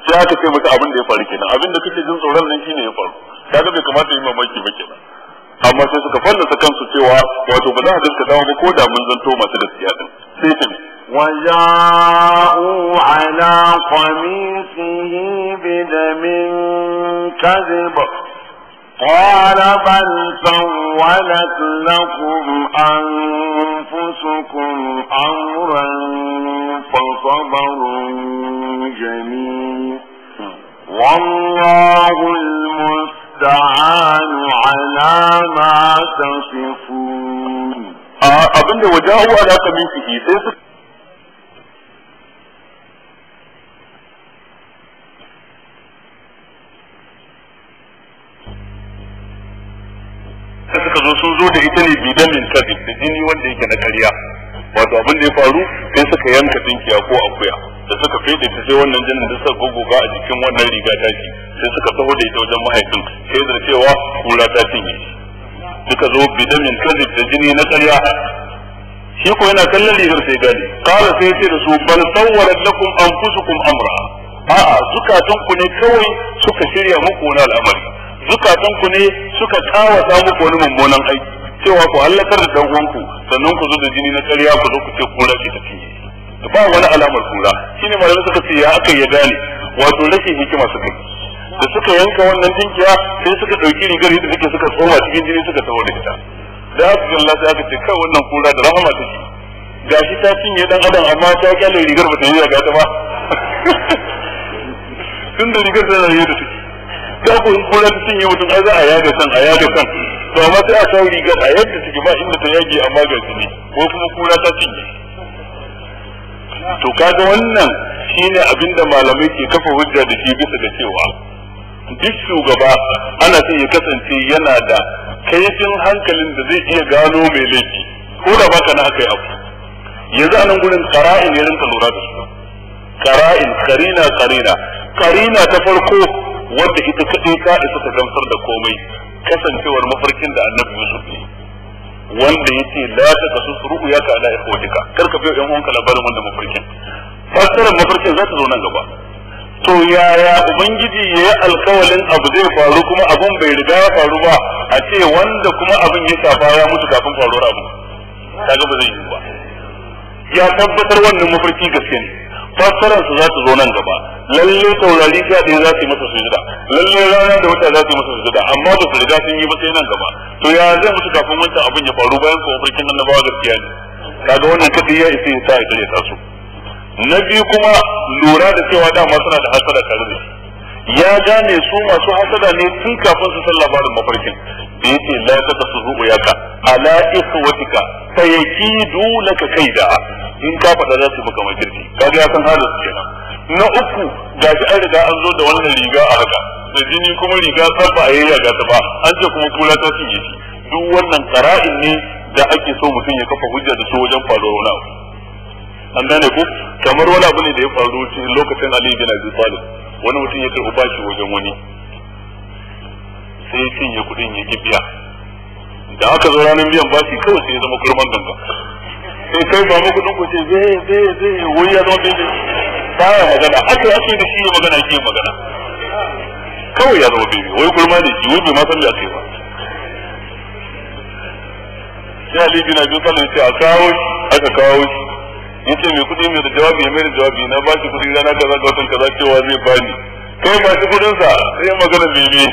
sai aka kai mata abin da ya faru kenan abin da kake jin tsoron nan shine ya faru kaga bai kamata yi mamaki ba ke nan. amma sai suka fallasa kansu cewa wato ba za a gaskata ba ko da mun zanto masu gaskiya din sai ta وجاءوا على قميصه بدم كذب قال بل سولت لكم أنفسكم أمرا فصبر جميل والله المستعان المستعان على ma تصفون abin da waje abuwa da aka minki sai su suka zo sun zo da ita ne bidamin kabi da jini wanda yake na karya wato abin da ya faru sai suka yanka dinkiya ko akuya da suka fede ta sai wannan jinin da suka gogoga a jikin wannan riga ta sai suka taho da ita wajen mahaifin sai da cewa kura ta cinye suka zo bidamin kazi da jini na karya shi ko yana kallon rigar sai gani kala sai ce da su bal sawwarat lakum anfusukum amra a'a zukatan ku ne kawai suka shirya muku wani al'amari zukatan ku ne suka kawata muku wani mummunan aiki cewa ku halakar da dan ku sannan ku zo da jini na karya ku zo ku ce kura ce ta cinye ba wani alamar kura shine malamai suka ce ya aka ya gane wato rashin hikima suka yi da suka yanka wannan tinkiya sai suka dauki rigar yadda suke suka tsoma cikin jini suka tsoma da ita da aka ga sai aka ce kai wannan kura da rahama take gashi ta cinye dan adam amma ta kyale rigar ba ta yi daga ta ba tun da rigar tana yi da take ta ku yi kura ta cinye mutum ai za a yaga san a yaga san to amma sai a kawo rigar a yadda take ba inda ta yage amma ga jini ko kuma kura ta cinye to kaga wannan shine abinda malamai ke kafa hujja da shi bisa da cewa duk shugaba ana son ya kasance yana da kaifin hankalin da zai iya gano mai laifi ko da baka na haka abu yanzu a nan gurin kara'in ya rinka lura da su kara'in karina karina karina ta farko wadda ita kaɗai ta isa ta gamsar da komai kasancewar mafarkin da annabi yusuf ne wanda ya ce la ta kasu ruku ya ka ala ikhwatika ka bai ɗan uwanka labarin wanda mafarkin fassarar mafarkin za ta zo nan gaba to yaya ubangiji ya yi alkawalin abu zai faru kuma abun bai riga ya faru ba a ce wanda kuma abin ya shafa ya mutu kafin faruwar abu kaga ba zai yi ba ya tabbatar wannan mafarki gaske ne fassarar su za su zo nan gaba lalle taurari ga ɗaya za su yi masa sujuda lalle rana da wata za su yi masa sujuda amma ba su riga sun yi ba sai nan gaba to ya zai mutu kafin wancan abin ya faru bayan ko mafarkin annabawa gaskiya ne kaga wannan kadi ya isa ya sa ya kare ta su na biyu kuma lura da cewa dama suna da hasada tare da shi ya gane su masu hasada ne tun kafin su san labarin mafarkin da yake la ta tasu uyaka ala ikhwatika ka laka kaida in ka faɗa za su maka makirci kaga ya san halin su kenan na uku ga shi an riga an zo da wannan riga a haka da jini kuma riga san a yi ga ta ba an ce kuma kula ta cinye yi duk wannan kara'in ne da ake so mutum ya kafa hujja da su wajen faruwar wani abu an gane ku kamar wani abu ne da ya faru cikin lokacin Ali bin Abi Talib wani mutum ya tafi bashi wajen wani sai ya cinye kuɗin ya biya da aka zo ranar biyan bashi kawai sai ya zama kurman danga sai kai ba mu kudin ku ce zai zai zai wai ya zama ba ya magana aka ake da shi ya magana ke magana kawai ya zama daidai wai kurma ne shi wai bai ma san me aka ba sai Ali bin Abi Talib ya ce a kawo aka kawo shi yace mai kuɗi mai da jawabi mai jawabi na ba shi kuɗi rana kaza ga watan kaza cewa zai ni kai ba shi kudin sa sai magana mene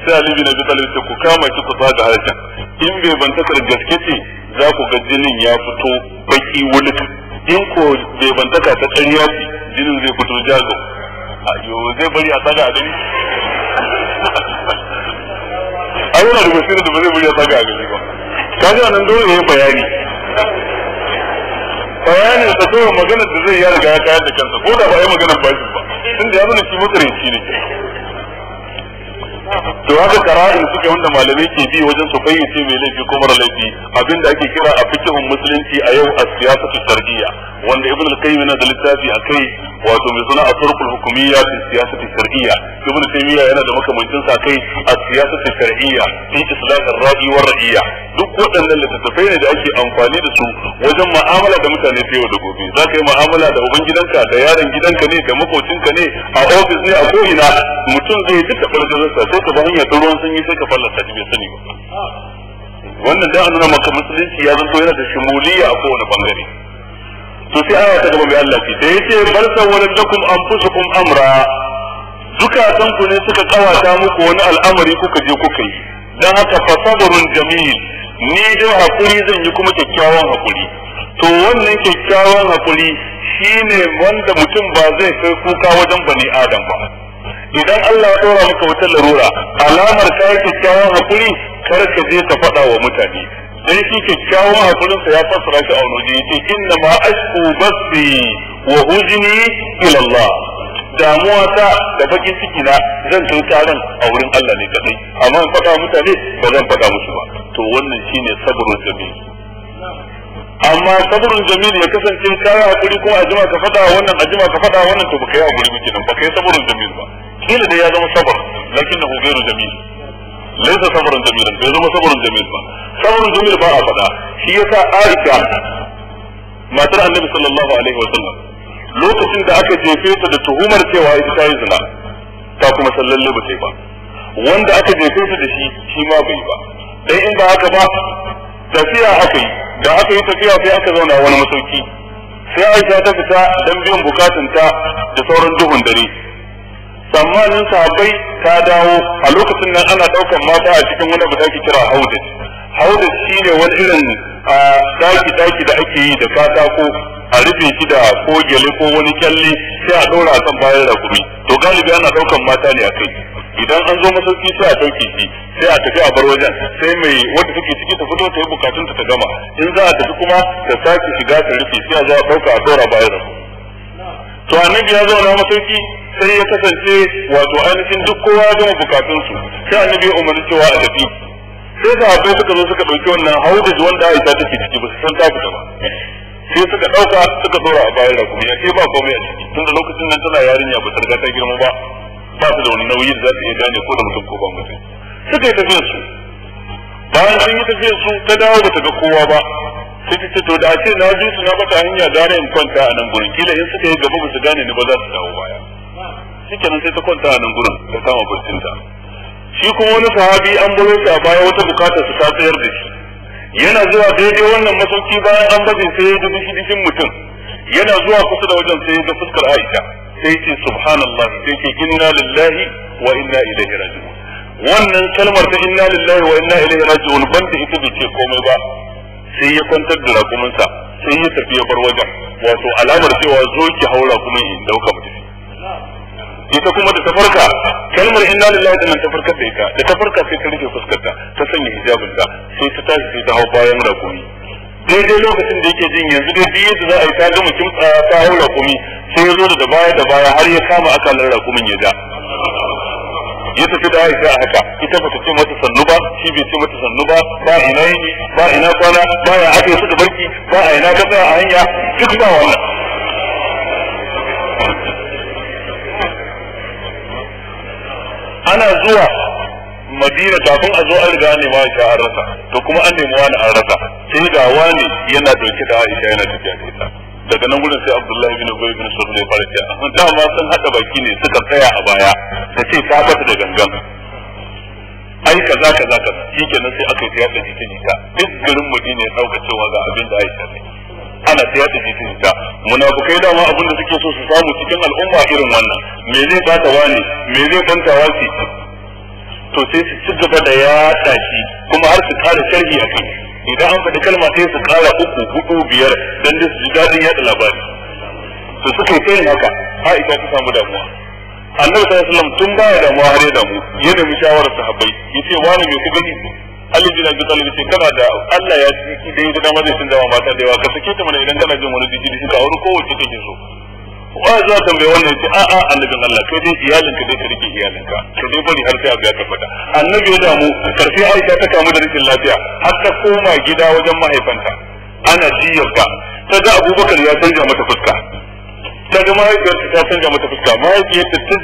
sai alibi na bital ta ku kama ki ku da harshen in bai ban bantakar gaske ce za ku ga jinin ya fito baki wani in ko bai taka ta ƙarya ce jinin zai fito jago yau zai bari a tsaga a gani a yana da basira da ba zai bari a tsaga a gani ba kaga nan dole ne bayani bayanin sa kuma maganar da zai ya riga ya kayar da kansa ko da ba ya ba bashi ba tunda ya bane shi shi ne to haka kara'in suke wanda malamai ke bi wajen su fayyace mai laifi ko mara laifi abinda ake kira a fikihun musulunci a yau as-siyasatu shar'iyya wanda ibn al-qayyim yana da littafi kai wato mai suna asrul hukumiyya fi siyasati shar'iyya ibnu taymiya yana da makamancin sa kai as-siyasatu shar'iyya fi islah ar-ra'i wa ra'iyya duk waɗannan littattafai ne da ake amfani da su wajen mu'amala da mutane ta da gobe za ka yi mu'amala da uban gidanka da yaron gidanka ne da makocinka ne a ofis ne a ko'ina mutum zai duka ɓargarsa sai ka ba hanya ta ruwan sanyi sai ka fallasa shi bai sani ba wannan da annuna maka musulunci ya zanto yana da shimuliya a kowane bangare to sai aya ta gaba mai Allah ce sai yace bal sawwalan lakum anfusukum amra zukatan ku ne suka kawata muku wani al'amari kuka je kuka yi dan haka fa sabrun jamil ni dai hakuri zan yi kuma kyakkyawan hakuri to wannan kyakkyawan hakuri shine wanda mutum ba zai kai kuka wajen bani adam ba idan Allah ya dora maka wata larura alamar ka yi kyakkyawan hakuri kar ka je ka faɗa wa mutane sai shi kyakkyawan hakurin sa ya fassara shi a wani yace inna ma ashku basbi wa hujni ila Allah damuwa ta da bakin ciki na zan kai karin a wurin Allah ne kadai amma in faɗa mutane ba zan faɗa musu ba to wannan shine sabrul jamil amma sabrul jamil ya kasance kai hakuri kuma a ka faɗa wannan a ka faɗa wannan to baka yi hakuri ba kai baka yi ba kila da ya zama sabar lakin na hubairu jamil laisa sabarin jamil bai zama sabarin jamil ba sabarun jamil ba a faɗa shi ya sa aisha matar annabi sallallahu alaihi wa sallam lokacin da aka jefe ta da tuhumar cewa ita ta yi zina ta kuma sallalle ba sai ba wanda aka jefe ta da shi shi ma bai ba dan in ba haka ba tafiya aka yi da aka yi tafiya sai aka zauna wani masauki sai aisha ta fita dan biyan bukatun da sauran duhun dare tsammanin sahabbai ta dawo a lokacin nan ana daukan mata a cikin wani abu da ake kira haudis haudis shine wani irin a daki daki da ake yi da katako a rufe shi da ko ko wani kyalle sai a dora a kan bayan rakumi to galibi ana daukan mata ne a kai idan an zo masauki sai a dauke shi sai a tafi a bar wajen sai mai wanda take ciki ta fito ta yi bukatun ta gama in za a tafi kuma ta sake shiga ta rufe sai a zo a dauka a dora bayan rakumi to annabi ya zauna masauki sai ya kasance wato ainihin duk kowa ya gama bukatunsu sai annabi ya umarni cewa a tafi sai sahabbai suka zo suka ɗauki wannan da wanda Aisha take ciki ba su san ta fita ba sai suka ɗauka suka ɗora a bayan rakumi ya ce ba komai a ciki tunda lokacin nan tana yarinya ba ta riga ta girma ba ba su da wani nauyi da za su iya gane ko da mutum ko ba mutum suka yi tafiyar su bayan sun yi tafiyar su ta dawo da ta ga kowa ba sai ce to da ce na ji su na bata hanya gane in kwanta a nan gurin kila in suka yi gaba ba su gane ni ba za su dawo baya shike nan sai ta kwanta a nan gurin ta kama barcin ta shi kuma wani sahabi an bulo shi a baya wata bukata su ta tsayar da shi yana zuwa daidai wannan masauki bayan an bazin sai ya ji dushi dushin mutum yana zuwa kusa da wajen sai ya ga fuskar Aisha sai ce subhanallah sai ce inna lillahi wa inna ilaihi raji'un wannan kalmar ta inna lillahi wa inna ilaihi raji'un banda ita bai ce komai ba sai ya kwantar da raƙuminsa sai ya tafi ya bar wajen wato alamar cewa zo ki hau kuma in dauka mu ita kuma da ta farka kalmar inna lillahi da ta farka sai ta da ta farka sai ta rufe fuskarta ta sanya hijabin ta sai ta tashi sai ta hau bayan raƙumi daidai lokacin da yake jin yanzu dai biyu da za a yi ta gama mutum ta hau raƙumi sai ya zo da baya da baya har ya kama akalar raƙumin ya ja ya tafi da Aisha a haka ita ba ta ce mata sannu ba shi bai ce mata sannu ba ba ina yi, ba ina kwana ba ya haɗe su da barki ba a ina kasa a hanya duk ba wannan ana zuwa madina kafin a zo an riga ne ma Aisha an rasa to kuma an nemi wani an rasa sai ga wani yana dauke da Aisha yana tafiya da ita daga nan gurin sai abdullahi bin ubay bin sulh ne fara ce amma dama sun hada baki ne suka tsaya a baya da ce ta bata da gangan ai kaza kaza kaza shikenan sai aka yi da jikin ita duk garin madina ya sauka cewa ga abin da aisha ne ana ta da jikin ita munafukai dama abin da suke so su samu cikin al'umma irin wannan me zai bata wani me zai danta wasi to sai su ci gaba da yada shi kuma har su kare sharhi a kai idan an faɗi kalma sai su kara uku hudu biyar dan da su ji dadin yada labari to suka yi tsayin haka ita ta samu damuwa Annabi sallallahu alaihi tun tun ya damuwa har ya damu ya nemi shawarar sahabbai yace wani me ku gani Allah bin Abi Talib ce kana da Allah ya ci idan ya dama zai sun dama mata da yawa ka sake ta mana idan kana jin wani dijiji ka aure kowace kake so wa za tambaye wannan ce a a annabin Allah kai dai iyalin ka dai ka rike iyalin ka ka dai bari har sai abu ya tabbata annabi ya damu karfi Aisha ta kamu da rashin lafiya har ta koma gida wajen mahaifanta ana jiyarta ta ga Abubakar ya canja mata fuska ta ga mahaifiyarta ta canja mata fuska mahaifiyarta ta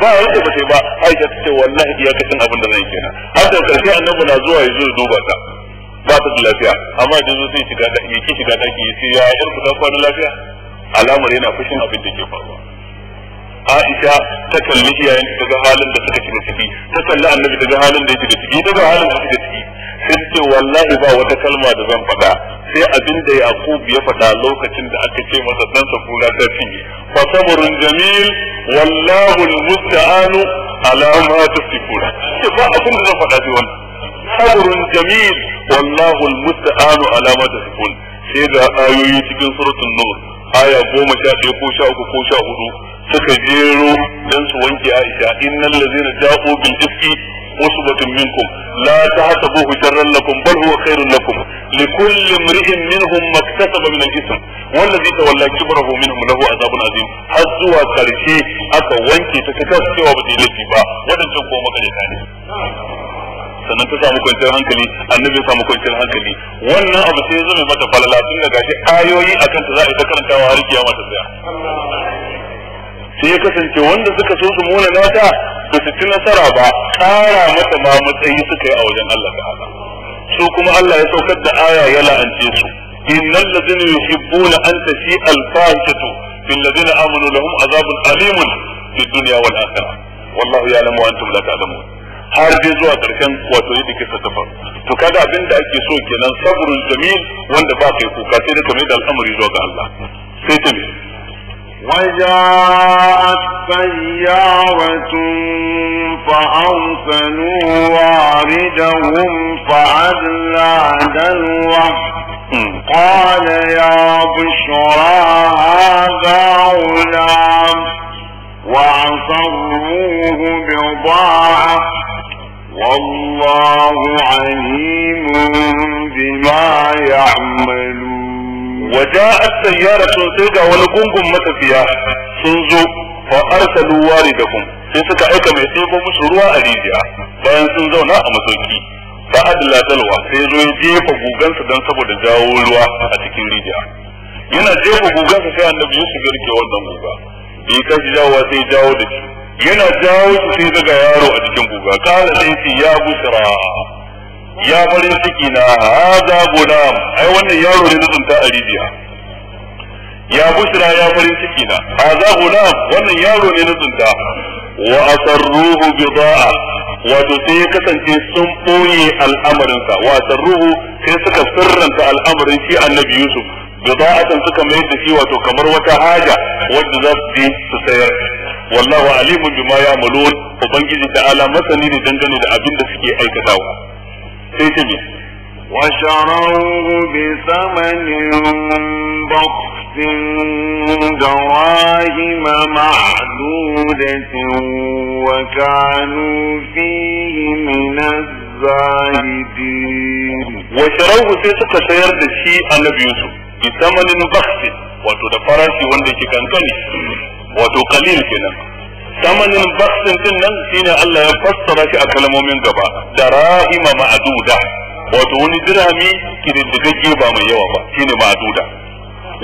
ba a yadda ba sai ba Aisha ta ce wallahi iyakacin abin da zan yi kenan har da karfi annabi na zuwa ya zo duba ta ba ta da lafiya amma idan zo sai shiga da yake shiga daki sai ya yarku ta kwana lafiya alamar yana fushin abin da ke faruwa Aisha ta kalli iyayen ta ga halin da suka shiga ciki ta kalli annabi daga halin da ya shiga ciki ta ga halin da shiga ciki sai ce wallahi ba wata kalma da zan faɗa sai abin da Yaqub ya faɗa lokacin da aka ce masa dan sa kula ta cinye fa sabrun jamil wallahu almusta'anu ala ma tasifuna sai ba abin da zan faɗa sai wannan sabrun jamil wallahu almusta'anu ala ma tasifun sai da ayoyi cikin suratul nur aya goma sha ɗaya ko sha uku ko sha hudu suka jero dan su wanke Aisha innal ladzina ja'u bil ifki batun minkum la ta haka buhu sharran lakum bal huwa khairun lakum likulli imri'in minhum maktasaba min al-ithm wal tawalla kibrahu minhum lahu azabun azim har zuwa karshe aka wanke ta ta cewa ba ta laifi ba waɗancan ko ta ne sannan ta samu kwanciyar hankali annabi samu kwanciyar hankali wannan abu sai zama mata falala tun da gashi ayoyi akan ta za a yi ta karantawa har kiyama ta tsaya sai ya kasance wanda suka so su mona nata ba su ci nasara ba kara mata ma matsayi suka yi a wajen Allah ta'ala su kuma Allah ya saukar da aya ya la'ance su innal ladina yuhibbuna an tafi al-fahishatu fil ladina amanu lahum azabun alimun fid dunya wal akhirah wallahu ya'lamu antum la ta'lamun har dai zuwa karshen wato yadda kisa ta faru to kaga abin da ake so kenan sabrul jamil wanda ba kai kuka sai da kamar da al'amari zuwa ga Allah sai ta وجاءت سيارة فأرسلوا واردهم فأدلى دلوه قال يا بشرى هذا غلام وعصروه بضاعة والله عليم بما يعملون وجاءت سيارة سيدا ولقنكم متفيا سنزو فأرسلوا واردكم سيسكا ايكا ruwa a rijiya bayan sun zauna a masauki fa adla dalwa sai zo ya jefa gugansa dan saboda jawo ruwa a cikin rijiya yana jefa gugansa sai annabi ya rike wannan guga da ya kashi jawowa sai jawo da shi yana jawo shi sai daga yaro a cikin guga kala sai ce ya bushra ya farin ciki na hada gulam ai wannan yaro ne na tsunta a rijiya ya bushra ya farin ciki na hada gulam wannan yaro ne na tsunta wa asarruhu bida'a wato sai ya kasance sun boye al'amarinsa wa asarruhu sai suka sirranta al'amarin shi annabi yusuf bida'atan suka mai da shi wato kamar wata haja wanda za su je su sayar wallahu alimun bima ya'malun ubangiji da ala masani da dangane da abin da suke aikatawa sai shi ne wa sharau bi samanin baqsin dawahima ma'dudatin wa kanu fihi min az wa sharau sai suka sayar da shi annabi bi samanin wato da faransi wanda yake kankani wato qalil kenan samanin bakhsin din nan shine Allah ya fassara shi a kalmomin gaba da rahima ma'duda wato wani dirami kididdigagge ba mai yawa ba shine ma'duda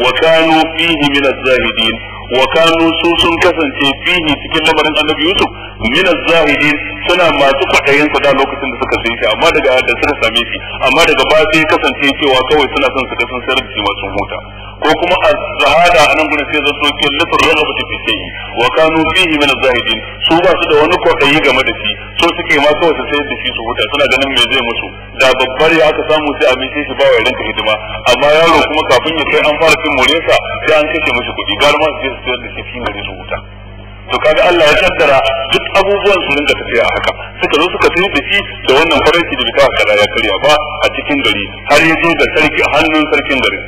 wa kanu fihi min az-zahidin wa kanu su sun kasance fihi cikin lamarin annabi yusuf min az-zahidin suna masu kwadayin sa da lokacin da suka san shi amma daga da suka same shi amma daga ba sai kasance cewa kawai suna son su ga sun da masu mota. ko kuma a zahada a nan gudun sai zan soke nufin rarraba ta fice wa kanu fihi min zahidin su ba su da wani kwaɗayi game da shi so suke ma kawai su sayar da shi su huta suna ganin me zai musu da babbar ya aka samu sai a mishi shi ba wa yaranka hidima amma yaro kuma kafin ya kai an fara cin sa sai an kashe mishi kuɗi gara ma su je da shi ne su huta to kaga Allah ya kaddara duk abubuwan su rinka tafiya haka suka zo suka tafi da shi da wannan faranci da bita kaza ya karya ba a cikin gari har ya zo da sarki hannun sarkin gari.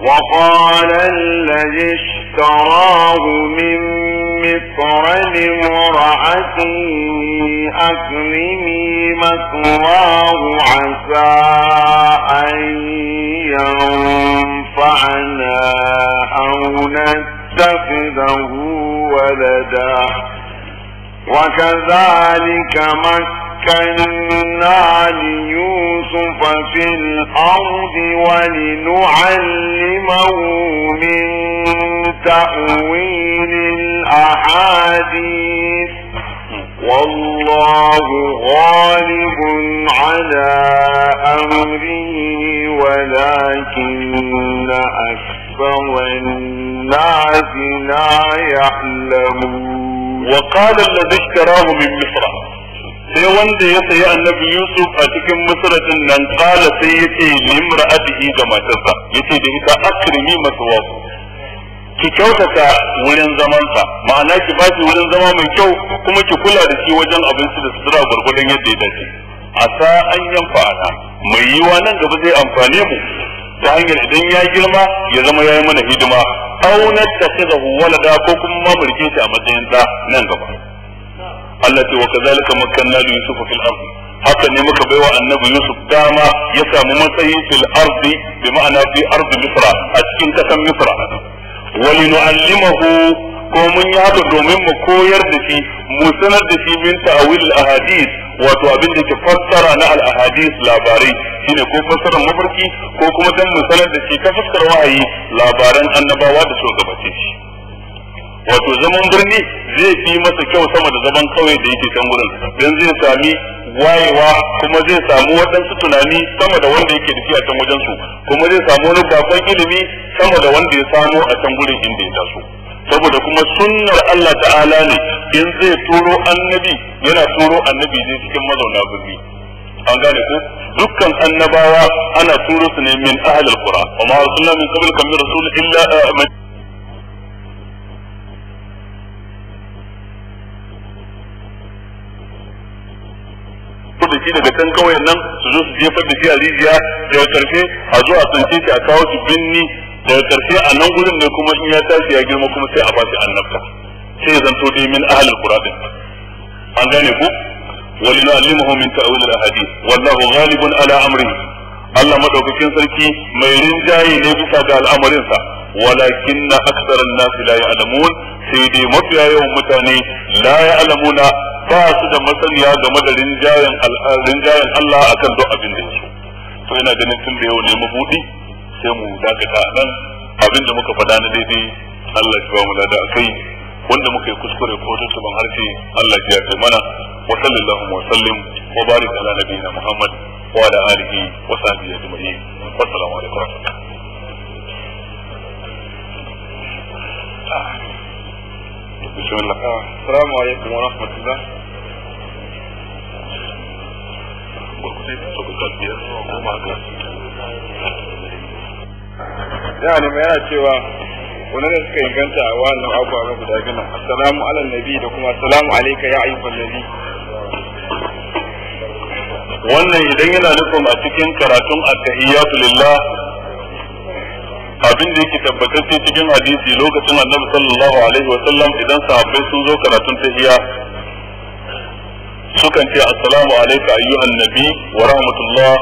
وقال الذي اشتراه من مصر لمرأته أكرمي مثواه عسى أن ينفعنا أو نتخذه ولدا وكذلك مكر مكنا ليوسف في الأرض ولنعلمه من تأويل الأحاديث والله غالب على أمره ولكن أكثر الناس لا يعلمون وقال الذي اشتراه من مصر sai wanda ya sayi annabi yusuf a cikin masaratin nan kala sai ya ce limra'atihi ga matarsa ya ce da ita masu wasu ki kyautata wurin zamansa ma'ana ki ba shi wurin zama mai kyau kuma ki kula da shi wajen abinci da sutura gwargwadon yadda ya dace sa an yanfa fa'ada, mai yiwa nan gaba zai amfane mu ta hanyar idan ya girma ya zama ya yi mana hidima aunar ta kaza walada ko kuma mamurke ta a matsayin ta nan gaba Allah ce wa kazalika makanna li Yusuf fil ardi haka ne muka baiwa annabi yusuf dama ya samu matsayi fil ardi bi ma'ana fi ardi misra a cikin kasan misra wa linu'allimahu ko mun yi haka domin mu koyar da shi mu sanar da shi min ta'awil al ahadith wato abin da ke fassara na al ahadith labarai shine ko fassarar mafarki ko kuma dan mu sanar da shi ta fassara wahayi labaran annabawa da shugabace shi wato zaman birni zai fi masa kyau sama da zaman kauye da yake can gudun don zai sami wayewa kuma zai samu waɗansu tunani sama da wanda yake da shi a can wajensu kuma zai samu wani bakon ilimi sama da wanda ya samu a can gudun inda ya taso saboda kuma sunnar Allah ta'ala ne in zai turo annabi yana turo annabi ne cikin mazauna birni an gane ko dukkan annabawa ana turo su ne min ahlul qura wa ma arsalna min qablika min rasul illa ah, da shi daga kan kauyen nan su zo su jefar da shi a rijiya daga karfe a zo a tsince shi a kawo shi binni daga karfe a nan gurin ne kuma in ya tashi ya girma kuma sai a ba shi annabta sai ya zanto dai min ahlul qura din an gane ku ولنعلمه من تأويل الأحاديث والله غالب على أمره الله mai rinjaye ne bisa ga al'amarinsa walakin na aksarar nasi la ya'lamun sai dai mafiya yawan mutane ba su da masaniya game da rinjayen Allah a kan duk abin da yake to ina ganin tun da yau ne mabudi sai mu dakata a nan abin da muka faɗa na daidai Allah ya ba mu lada kai wanda muka yi kuskure ko ta suban harshe Allah ya kai mana wa sallallahu wa sallim wa barik ala nabiyina Muhammad wa ala alihi wa sahbihi ajma'in wa assalamu alaikum بسم الله السلام عليكم ورحمة الله ya ne yana cewa wani da suka inganta a wannan abubuwa guda gina assalamu ala nabi da kuma assalamu alaika ya ayyukan nabi wannan idan yana nufin a cikin karatun at-tahiyyatu lillah abin da yake tabbatacce cikin hadisi lokacin annabi sallallahu alaihi wa sallam idan sahabbai sun zo karatun tahiyya sukan ce assalamu alayka ayyuhan nabi wa rahmatullah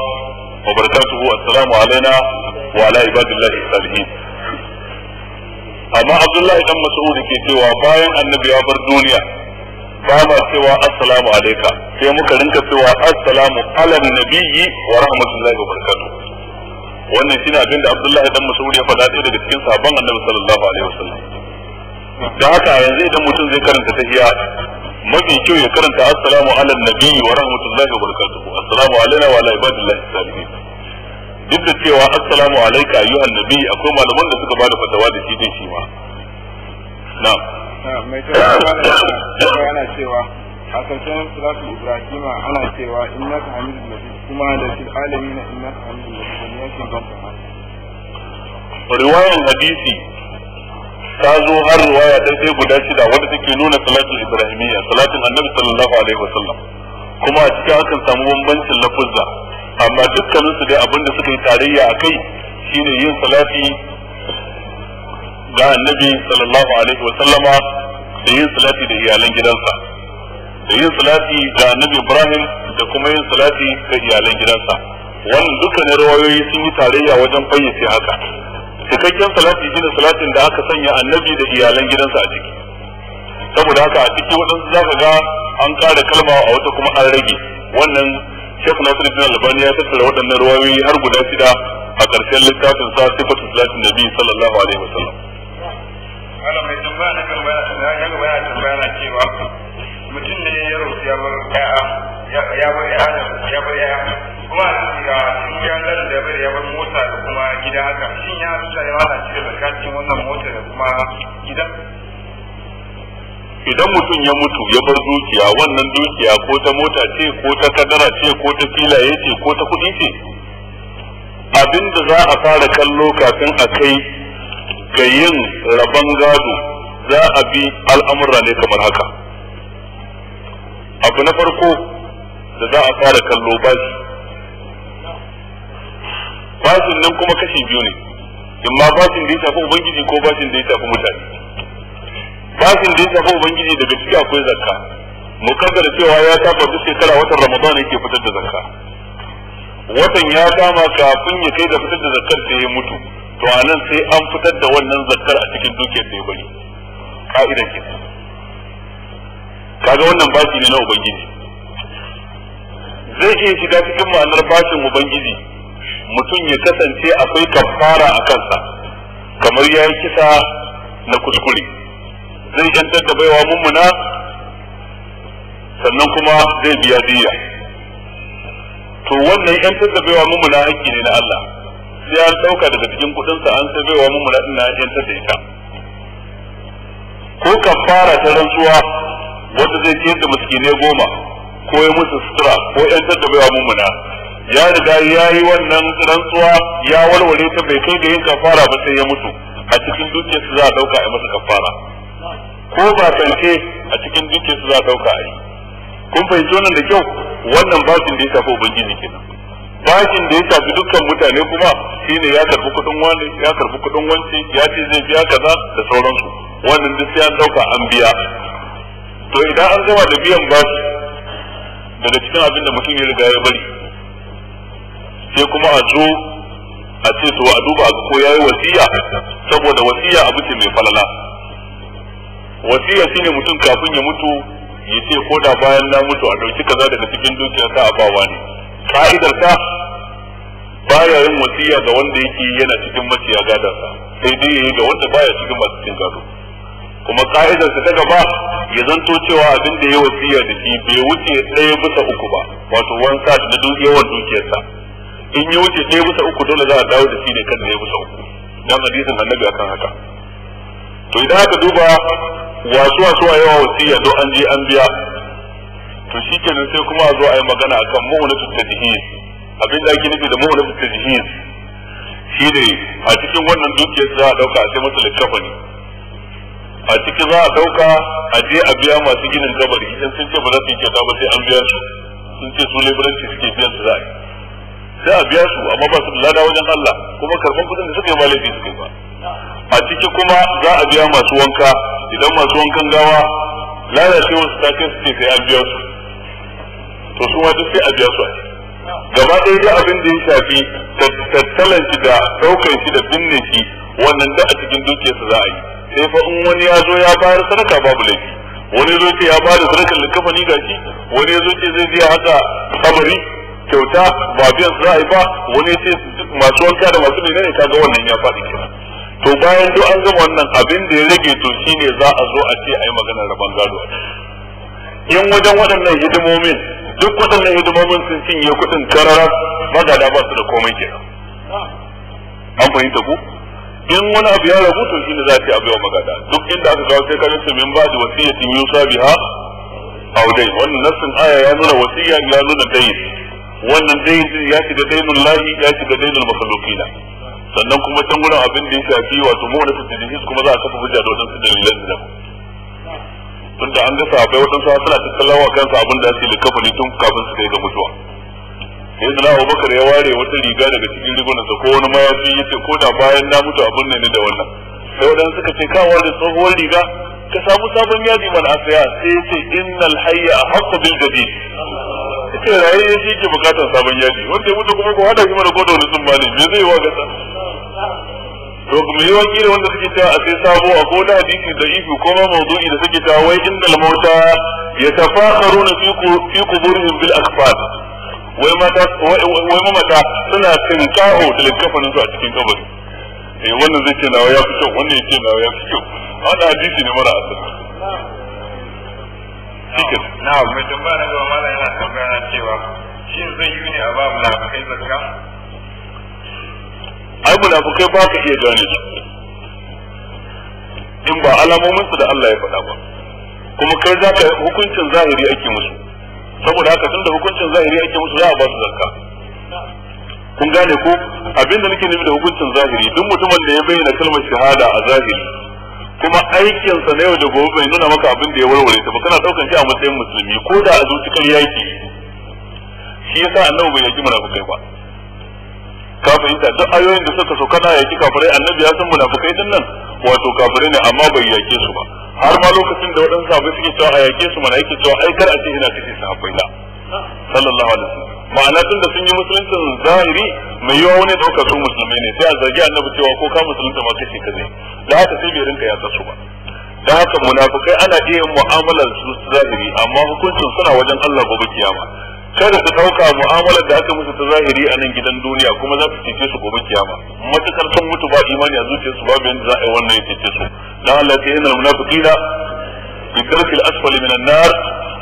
wa barakatuhu assalamu alaina wa ala ibadillahi salihin amma abdullahi dan mas'ud ke cewa bayan annabi ya bar duniya ba ma cewa assalamu alayka sai muka rinka cewa assalamu ala nabiyyi wa rahmatullahi wa barakatuh wannan shine abin da abdullahi dan mas'ud ya faɗa ɗaya daga cikin sahabban annabi sallallahu alaihi wasallam da haka yanzu idan mutum zai karanta tahiyya mafi kyau ya karanta assalamu ala nabi wa rahmatullahi wa barakatuhu assalamu alaina wa ala ibadillahi salihin duk da cewa assalamu alayka ayyuhan nabi akwai malaman da suka bada fatawa da shi shi ma na'am ah, mai yana cewa a karshen ibrahim ana cewa ta zo har riwaya dan kai guda shida wanda take nuna salatul ibrahimiyya salatin annabi sallallahu alaihi wasallam kuma a cikin akan samu bambancin lafuzza amma dukkanin su dai abinda suka yi tarayya akai shine yin salati ga annabi sallallahu alaihi wasallama da yin salati da iyalan gidansa da yin salati ga annabi ibrahim da kuma yin salati ga iyalan gidansa wannan dukkanin rawayoyi sun yi tarayya wajen fayyace haka cikakken salati shine salatin da aka sanya annabi da iyalan gidansa a ciki saboda haka a ciki waɗansu za ka ga an ƙara kalma a wata kuma an rage wannan na nasiru bin albani ya tattara waɗannan ruwayoyi har guda shida a ƙarshen littafin sa sifatu salatin nabi sallallahu alaihi wasallam. Malam mai tambaya na ya tambaya na cewa mutum ne ya rauci ya bar ya'a ya bar ya'a ya bar ya'a kuma a cikin ya zan da bar ya bar mota da kuma gida haka shin ya rusa ya wala cikin zakacin wannan mota da kuma gida idan mutum ya mutu ya bar dukiya wannan dukiya ko ta mota ce ko ta kadara ce ko ta filaye ce ko ta kuɗi ce abinda za a fara kallo kafin a kai ga yin rabon gado za a bi al'amura ne kamar haka abu na farko da za a fara kallo bashi bashin nan kuma kashi biyu ne in ma bashin da ya shafi ubangiji ko bashin da ya shafi mutane bashin da ya shafi ubangiji daga ciki akwai zakka mu kaddara cewa ya saba duk shekara watan ramadan yake fitar da zakka watan ya kama kafin ya kai ga fitar da zakkar sai ya mutu to a nan sai an fitar da wannan zakkar a cikin dukiyar da ya bari ka'ida kenan kaga wannan bashi ne na ubangiji zai iya shiga cikin ma'anar bashin ubangiji mutum ya kasance akwai kafara a kansa kamar ya yi kisa na kuskure zai yantar da baiwa mummuna sannan kuma zai biya biya to wannan yantar da baiwa mummuna haƙƙi ne na Allah sai an ɗauka daga cikin kudinsa an sai baiwa mummuna ina na yantar da ita ko kafara ta rantsuwa wanda zai ciyar da miskinai goma ko ya musu sutura ko yantar da baiwa mummuna ya riga ya yi wannan rantsuwa ya walwale ta bai kai ga yin kafara ba sai ya mutu a cikin su za a dauka a masa kafara ko ba kanke a cikin su za a dauka a yi kun fahimci wannan da kyau wannan bashin da ya shafi ubangiji kenan bashin da ya shafi dukkan mutane kuma shine ya karbi kudin wani ya karbi kudin wanci ya ce zai biya kaza da sauransu wannan duk sai an dauka an biya to idan an gama da biyan bashi daga cikin abin da mutum ya riga ya bari sai kuma a zo a ce to a duba ko ya yi wasiya saboda wasiya abu ce mai falala wasiya shine mutum kafin ya mutu ya ce ko da bayan na mutu a ɗauki kaza daga cikin dukiyar ta a bawa ne ka'idar ta baya yin wasiya ga wanda yake yana cikin maciya gadarsa sai dai ya yi ga wanda baya cikin masu cikin gado kuma ka'idar ta gaba ya zanto cewa abin da ya wasiya da shi bai wuce ɗaya bisa uku ba wato one da duk yawan dukiyarsa in ya wuce ɗaya bisa uku dole za a dawo da shi ne kan ɗaya bisa uku dan hadisin annabi akan haka to idan aka duba wasu wasu a yawa wasiya don an je an biya to shi kenan sai kuma a zo a yi magana akan mu'unatu tajhiz abin da ake nufi da mu'unatu Shi ne a cikin wannan dukiyar za a ɗauka a sai masa littafa ne a ciki za a dauka a je a biya masu ginin kabari idan sun ce ba za su yi kyauta ba sai an biya su sun ce su leburanci suke biyan su za a yi sai a biya su amma ba su da lada wajen Allah kuma karban kudin da suka yi malafi suka suke ba a ciki kuma za a biya masu wanka idan masu wankan gawa lalacewar su ta kai su ce sai an biya su to su ma duk sai a biya su a gaba ɗaya da abin da ya shafi tattalan shi da ɗaukan shi da binne shi wannan da a cikin dukiyarsa za a yi sai fa in wani ya zo ya bayar sadaka babu laifi wani zo ce ya bada sadakar likafani gashi wani zo ce zai je haka sabari kyauta ba biyan su za a yi ba wani ce masu wanka da masu menene kaga wannan ya faɗi kenan to bayan duk an gama wannan abin da ya rage to shine za a zo a ce a yi maganar rabon gado in wajen waɗannan hidimomin duk waɗannan hidimomin sun cinye kuɗin karara magada ba su da komai kenan an fahimta ku in wani abu ya rabu to shine za ta abu magada duk inda aka kawo sai karin min ba da wasiyatin yusa biha aw dai wannan nassin aya ya nuna wasiya ya nuna dai wannan dai ya shiga dainul lahi ya shiga dainul makhluqina sannan kuma can gurin abin da ya shafi wato mu da tajihis kuma za a kafa hujja da wadansu dalilan da tunda an ga sahabbai wadansu suna tattalawa kan abin da su likafa ne tun kafin su kai ga mutuwa sai da Abu Bakar ya ware wata riga daga cikin rigunan sa ko wani mayafi ce ko da bayan na mutu abun ne da wannan sai wadanda suka ce kawo da tsohuwar riga ka samu sabon yadi mana asaya sai ya ce innal hayya haqqu bil jadid yace raye ce ke bukatar sabon yadi wanda ya mutu kuma ko hada shi mana ko da wani sun bani me zai wa gasa to kuma yi waki da wanda suke cewa a sai sabo a ko da hadisi da ifi ko ma mawdu'i da suke cewa wai innal mauta yatafakharuna fi quburihim bil akfar wai mata wai mamata suna da littafin su a cikin kabari eh wannan zai ce nawa ya fi kyau wannan ya ce nawa ya fi kyau wannan hadisi ne mara asali cikin na mai tambaya na gaba mala yana tambaya na cewa shi zai yi ne a ba munafukai zakka ai kai ba ka iya gane shi in ba alamomin su da Allah ya faɗa ba kuma kai za ka hukuncin zahiri ake musu saboda haka tun da hukuncin zahiri ake musu za a ba su zakka kun gane ko abinda nake nufi da hukuncin zahiri duk mutumin da ya bayyana kalmar shahada a zahiri kuma aikinsa na yau da gobe bai nuna maka abin da ya warware ta ba kana daukan shi a matsayin musulmi ko da a zuci yaki shi yasa annabi bai yaki kai ba ka fahimta duk ayoyin da suka so kana yaki kafirai annabi ya san munafukai din nan wato kafirai ne amma bai yake su ba har ma lokacin da waɗansu abu suke cewa a yake su mana yake cewa ai kar a ce ina kashe sahabbai da sallallahu alaihi wasallam ma'ana tun da sun yi musuluncin zahiri mai yawa wani ɗaukar su musulmai ne sai a zargi annabi cewa ko ka musulunta ma kashe ka ne da haka sai bai rinka yaƙa su ba da haka munafukai ana iya mu'amalar su zahiri amma hukuncin suna wajen Allah gobe kiyama kada su ɗauka mu'amalar da aka musu ta zahiri a nan gidan duniya kuma za su cece su gobe kiyama matukar sun mutu ba imani a zuciyarsu babu yadda za a yi wannan ya cece su dan Allah ta yana na fi darki al-asfal min an-nar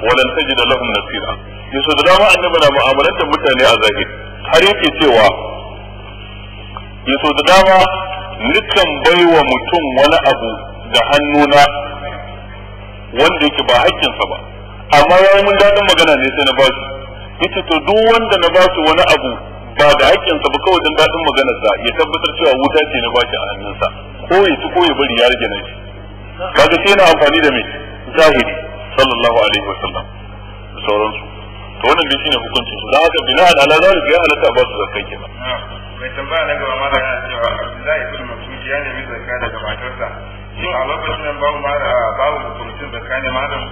wa lan tajid lahum nasira yaso da dama annabi na mu'amalantar mutane a zahiri har yake cewa yaso da dama nukan baiwa mutum wani abu da hannuna wanda yake ba hakkinsa ba amma yayin mun dadin magana ne sai na ba shi yace to duk wanda na ba wani abu ba da hakkin sa ba kawai dan dadin maganar sa ya tabbatar cewa wuta ce na baki a hannunsa ko ya ci ko ya bari ya rage na shi kaga sai na amfani da me zahiri sallallahu alaihi wasallam da sauransu to wannan dai shine hukuncin su da haka bila ala zalika ya halaka ba su zakai kenan mai tambaya na gaba ma da cewa Abdullahi ibn Mas'ud ya nemi zakka daga matarsa shin a lokacin nan babu babu mutum zakka ne malam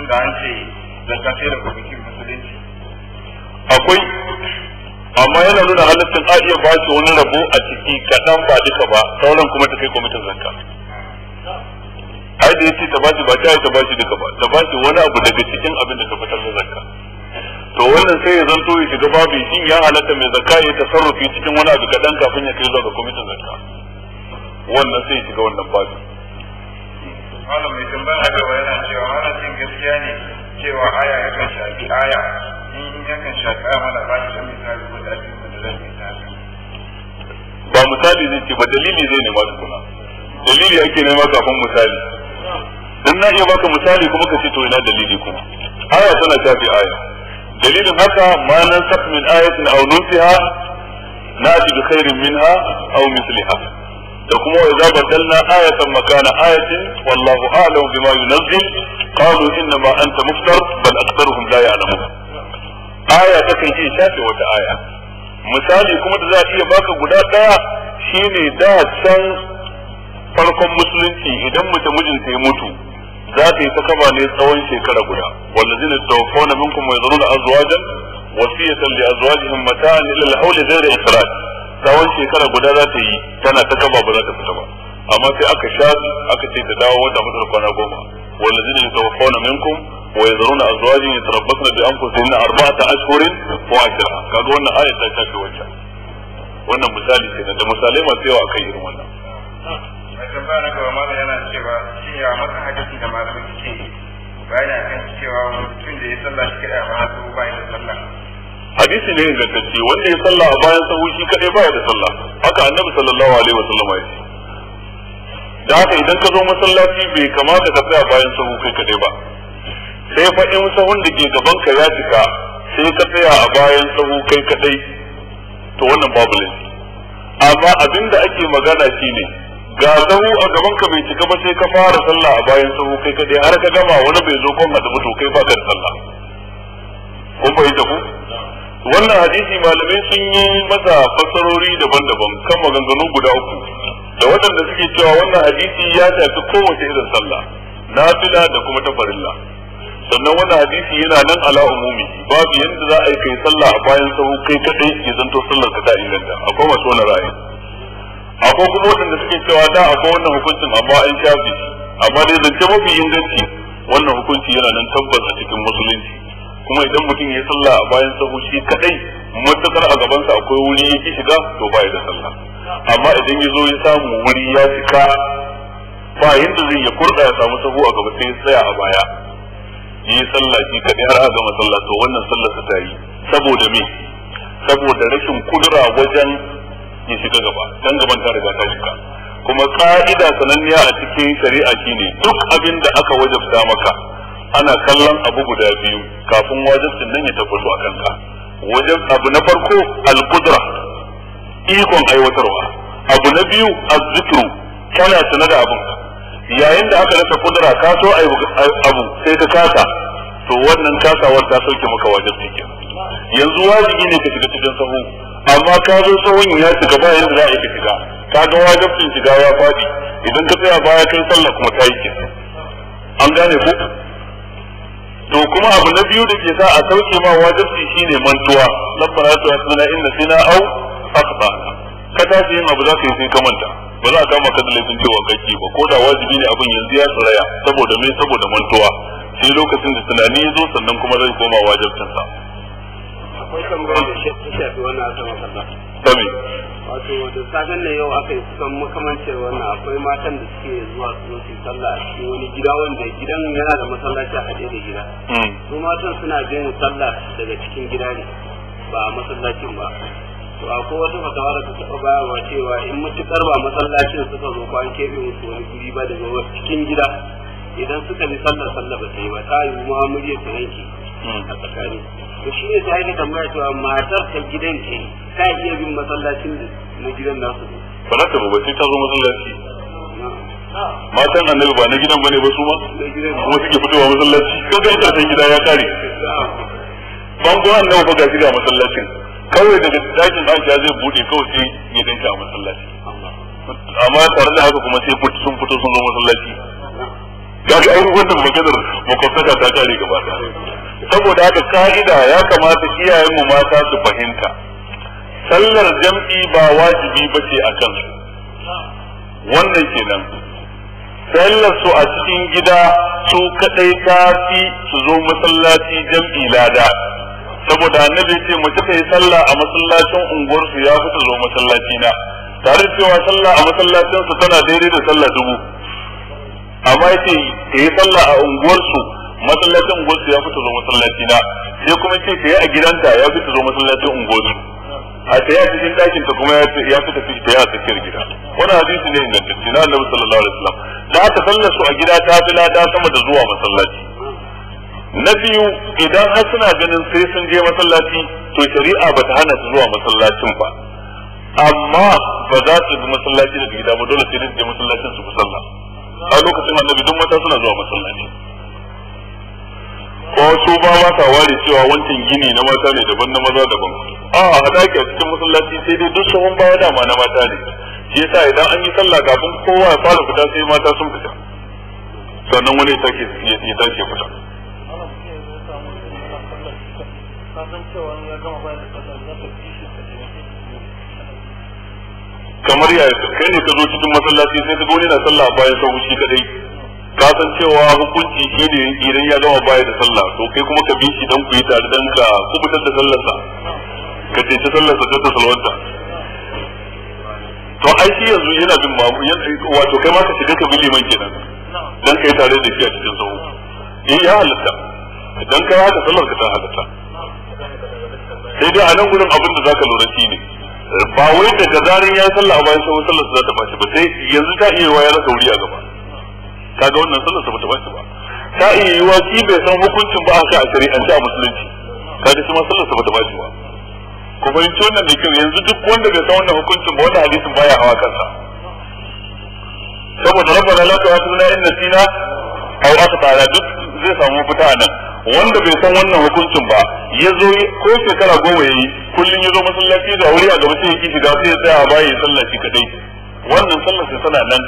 tunda an ce zakka sai da hukuncin musulunci akwai amma yana nuna halittin a iya bashi wani rabo a ciki kaɗan ba duka ba sauran kuma ta kai kwamitin zakka ai da yace ta bashi ba ta ta bashi duka ba ta bashi wani abu daga cikin abin da ta fitar da zakka to wannan sai ya zanto ya shiga babu shin ya halatta mai zakka ya tasarrufi cikin wani abu kaɗan kafin ya kai zuwa ga kwamitin zakka wannan sai ya shiga wannan babu malam mai tambaya ga yana cewa ana cin gaskiya ne cewa aya ya kan shafi aya in ya kan shafi aya mana ba shi san misali ko da shi da zai misali ba misali ne ce ba dalili zai ne nema tukuna dalili ake nema kafin misali dan na iya baka misali kuma ka ce to ina dalili kuma aya tana shafi aya dalilin haka ma nan sak ayatin aw nusiha na'ti bi khairin minha aw misliha da kuma wa idza badalna ayatan makana ayatin wallahu a'lamu bima yunzil qalu inna ma anta muftar bal aktharuhum la ya'lamun aya ta kan iya shafe wata aya misali kuma da za a iya baka guda daya shine da can farkon musulunci idan mace mijinta ya mutu za ta yi ta ne tsawon shekara guda wallazina mai minkum wa yadhuruna azwajan wasiyatan li azwajihim mata'an ila al-hawli ghayra ikhraj tsawon shekara guda za ta yi tana ta kaba ba za ta fita ba amma sai aka sha aka ce ta dawo wata mutar kwana goma والذين يتوفون منكم ويذرون ازواجا يتربصن بانفسهن اربعه اشهر وعشرة kaga wannan ayat ta shafi wancan wannan misali ke da misalai masu yawa akan irin wannan a tambaya na gaba malam yana cewa shin ya masa hadisi da malamai suke bayani akan cewa mutum da ya sallah shi kada ba su bayan sallah hadisi ne ingantacce wanda ya salla a bayan sahu shi kadai baya da sallah haka annabi sallallahu alaihi wasallam ya ce da haka idan ka zo masallaci bai kamata ka tsaya bayan sahu kai kadai ba sai fa in sahun da ke gaban ka ya cika sai ka tsaya a bayan sahu kai kadai to wannan babu laifi amma abin da ake magana shine ga sahu a gaban ka bai cika ba sai ka fara sallah a bayan sahu kai kadai har ka gama wani bai zo kon da to kai ba ka sallah kun fahimta ku wannan hadisi malamai sun yi masa fassarori daban-daban kan maganganu guda uku da waɗanda suke cewa wannan hadisi ya shafi kowace irin sallah na fila da kuma ta farilla sannan wannan hadisi yana nan ala umumi babu yadda za a yi kai sallah a bayan sahu kai kadai ya zanto sallar ka ta inganta akwai masu wani ra'ayi akwai kuma waɗanda suke cewa da akwai wannan hukuncin amma an shafi amma dai zance mafi inganci wannan hukunci yana nan tabbas a cikin musulunci kuma idan mutum ya sallah a bayan sahu shi kadai matukar a gabansa akwai wuri yake shiga to baya da sallah amma idan ya zo ya samu wuri ya cika ba yanda zai ya kurda ya samu sahu a gaba sai ya tsaya a baya yi sallah shi kadai har a gama sallah to wannan sallah ta yi saboda me saboda rashin kudura wajen ya shiga gaba dan gaban ta riga ta shiga kuma ka'ida sananniya a cikin shari'a shine duk abin da aka wajabta maka ana kallon abu guda biyu kafin wajibcin nan ya tabbatu a kanka wajen abu na farko al-qudra ikon aiwatarwa abu na biyu az-zikru kana sanar da abun yayin da aka rasa kudura ka so abu sai ka kasa to wannan kasawar ta sauke maka wajibi ke yanzu wajibi ne ka shiga cikin sahu amma ka zo sahun ya shiga ba yanda za a yi shiga ka ga wajibin shiga ya fadi idan ka tsaya baya kai sallah kuma ta yi ke an gane ku to kuma abu na biyu da ke sa a sauke ma wajibi shine mantuwa labbana to asmana inna sina au akhta ka tafi yin abu za ka yi sai ka manta ba za a kama da laifin cewa kai ba ko da wajibi ne abin yanzu ya tsaya saboda me saboda mantuwa sai lokacin da tunani ya zo sannan kuma zai koma wajibin sa akwai tambaya da shi ta shafi wannan da me wato da safen nan yau aka yi kusan makamancin wannan akwai matan da suke zuwa su su sallah a cikin wani gida wanda gidan yana da masallaci a haɗe da gida mm. su matan suna bin sallah daga cikin gida ne ba masallacin ba to akwai wata fatawa da ta taɓa bayarwa cewa in matuƙar ba masallacin suka zo ko an keɓe musu wani guri ba daga cikin gida idan suka bi sallar sallah ba ta yi ba ta yi ma muryar ta yanke mm. a tsakani to shi ne sai ka tambaya cewa matar ta gidan ce ka iya bin masallacin na gidan nasu ba na tabu ba sai ta zo masallaci matan annabi ba na gidan bane ba su ma kuma suke fitowa masallaci ko ga ta sai gida ya kare bango annabi ba ga gida masallacin kawai daga dakin Aisha zai bude kawai sai ya danka a masallaci amma tare da haka kuma sai sun fito sun zo masallaci da ai wannan maganar makwabtaka ta kare gaba ɗaya saboda haka ka'ida ya kamata iyayenmu mata su fahimta sallar jam'i ba wajibi ba ce a kansu wannan kenan sallar su a cikin gida su kadai ta fi su zo masallaci jam'i lada saboda annabi ce mu ta yi sallah a masallacin unguwarsu ya fi zo masallaci na tare cewa sallah a masallacin su tana daidai da sallah dubu amma yace yi sallah a unguwarsu masallacin unguwarsu ya fito zo masallaci na sai kuma ce ta yi a gidanta ya fito zo masallacin unguwarsu a ta yi cikin ɗakin ta kuma ya fita fi ta yi a tsakiyar gida wani hadisi ne ingantacce na annabi sallallahu alaihi wasallam da aka sallar su a gida ta fi lada sama da zuwa masallaci na biyu idan har suna ganin sai sun je masallaci to shari'a ba ta hana su zuwa masallacin ba amma ba za su bi masallaci daga gida ba dole sai sun je masallacin su bi sallah a lokacin annabi duk mata suna zuwa masallaci ko su ba ba sa ware cewa wancan gini na mata ne daban na maza daban a hada a cikin masallaci sai dai duk sahun baya dama na mata ne shi yasa idan an yi sallah kafin kowa ya fara fita sai mata sun fita sannan wani ya tashi fita kamar yaya kai ne ka zo cikin masallaci sai ka ga wani na sallah bayan sahu shi kadai ka san cewa hukunci shi ne idan ya gama baya da sallah to kai kuma ka bi shi dan ku yi tare dan ka kubutar da sallarsa ka ce ta sallarsa ta salwanta to ai shi yanzu yana bin mamu wato kai ma ka shiga ka bi liman kenan dan kai tare da shi a cikin sahu in eh, ya halatta dan kai haka sallar ka ta halatta sai dai a nan gurin abin da zaka lura shi ne ba wai da gazarin ya sallah a bayan sallar sallarsa za ta bashi ba sai yanzu ta iya ya rasa wuri a gaba kaga wannan sallar sa bata ba ta iya yiwa ki bai san hukuncin ba kai a shari'ance a musulunci kaga shi ma sallar sa bata bashi ba ku fahimci wannan da kyau yanzu duk wanda bai san wannan hukuncin ba wanda hadisin baya hawa kansa saboda rabbana la tu'atuna in nasina aw ala duk zai samu fita nan wanda bai san wannan hukuncin ba ya zo ko shekara goma yayi kullun ya zo masallaci da wuri a gaba sai ya kishi da sai ya tsaya a ya sallaci kadai wannan sallar sai tana nan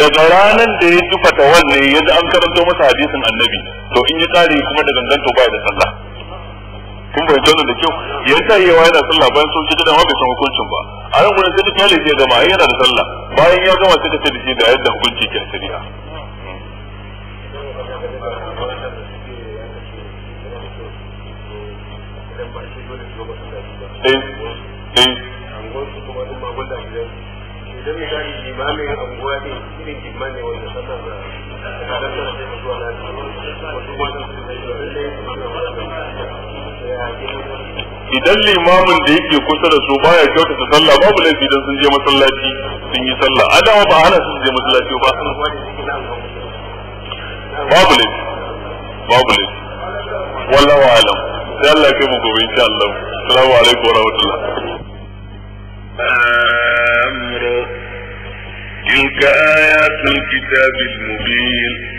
daga ranar da ya ji fatawar ne ya an karanto masa hadisin annabi to in yi tsari kuma da gangan ba baya da sallah kun bai tona da kyau yadda yawa yana sallah bayan sun cikin dama bai san hukuncin ba a nan gurin sai da ya gama yana da sallah bayan ya gama sai ta ce da shi da yadda hukunci ke shari'a eh eh idan limamin da yake kusa da su baya kyautata sallah babu laifi idan sun je masallaci sun yi sallah adawa ba hana sun je masallaci ba babu laifi babu laifi wallahu alam sai Allah ya kai mu gobe insha Allah assalamu alaikum wa rahmatullah أمره تلك آيات الكتاب المبين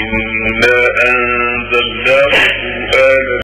إنا أنزلناه قرآنا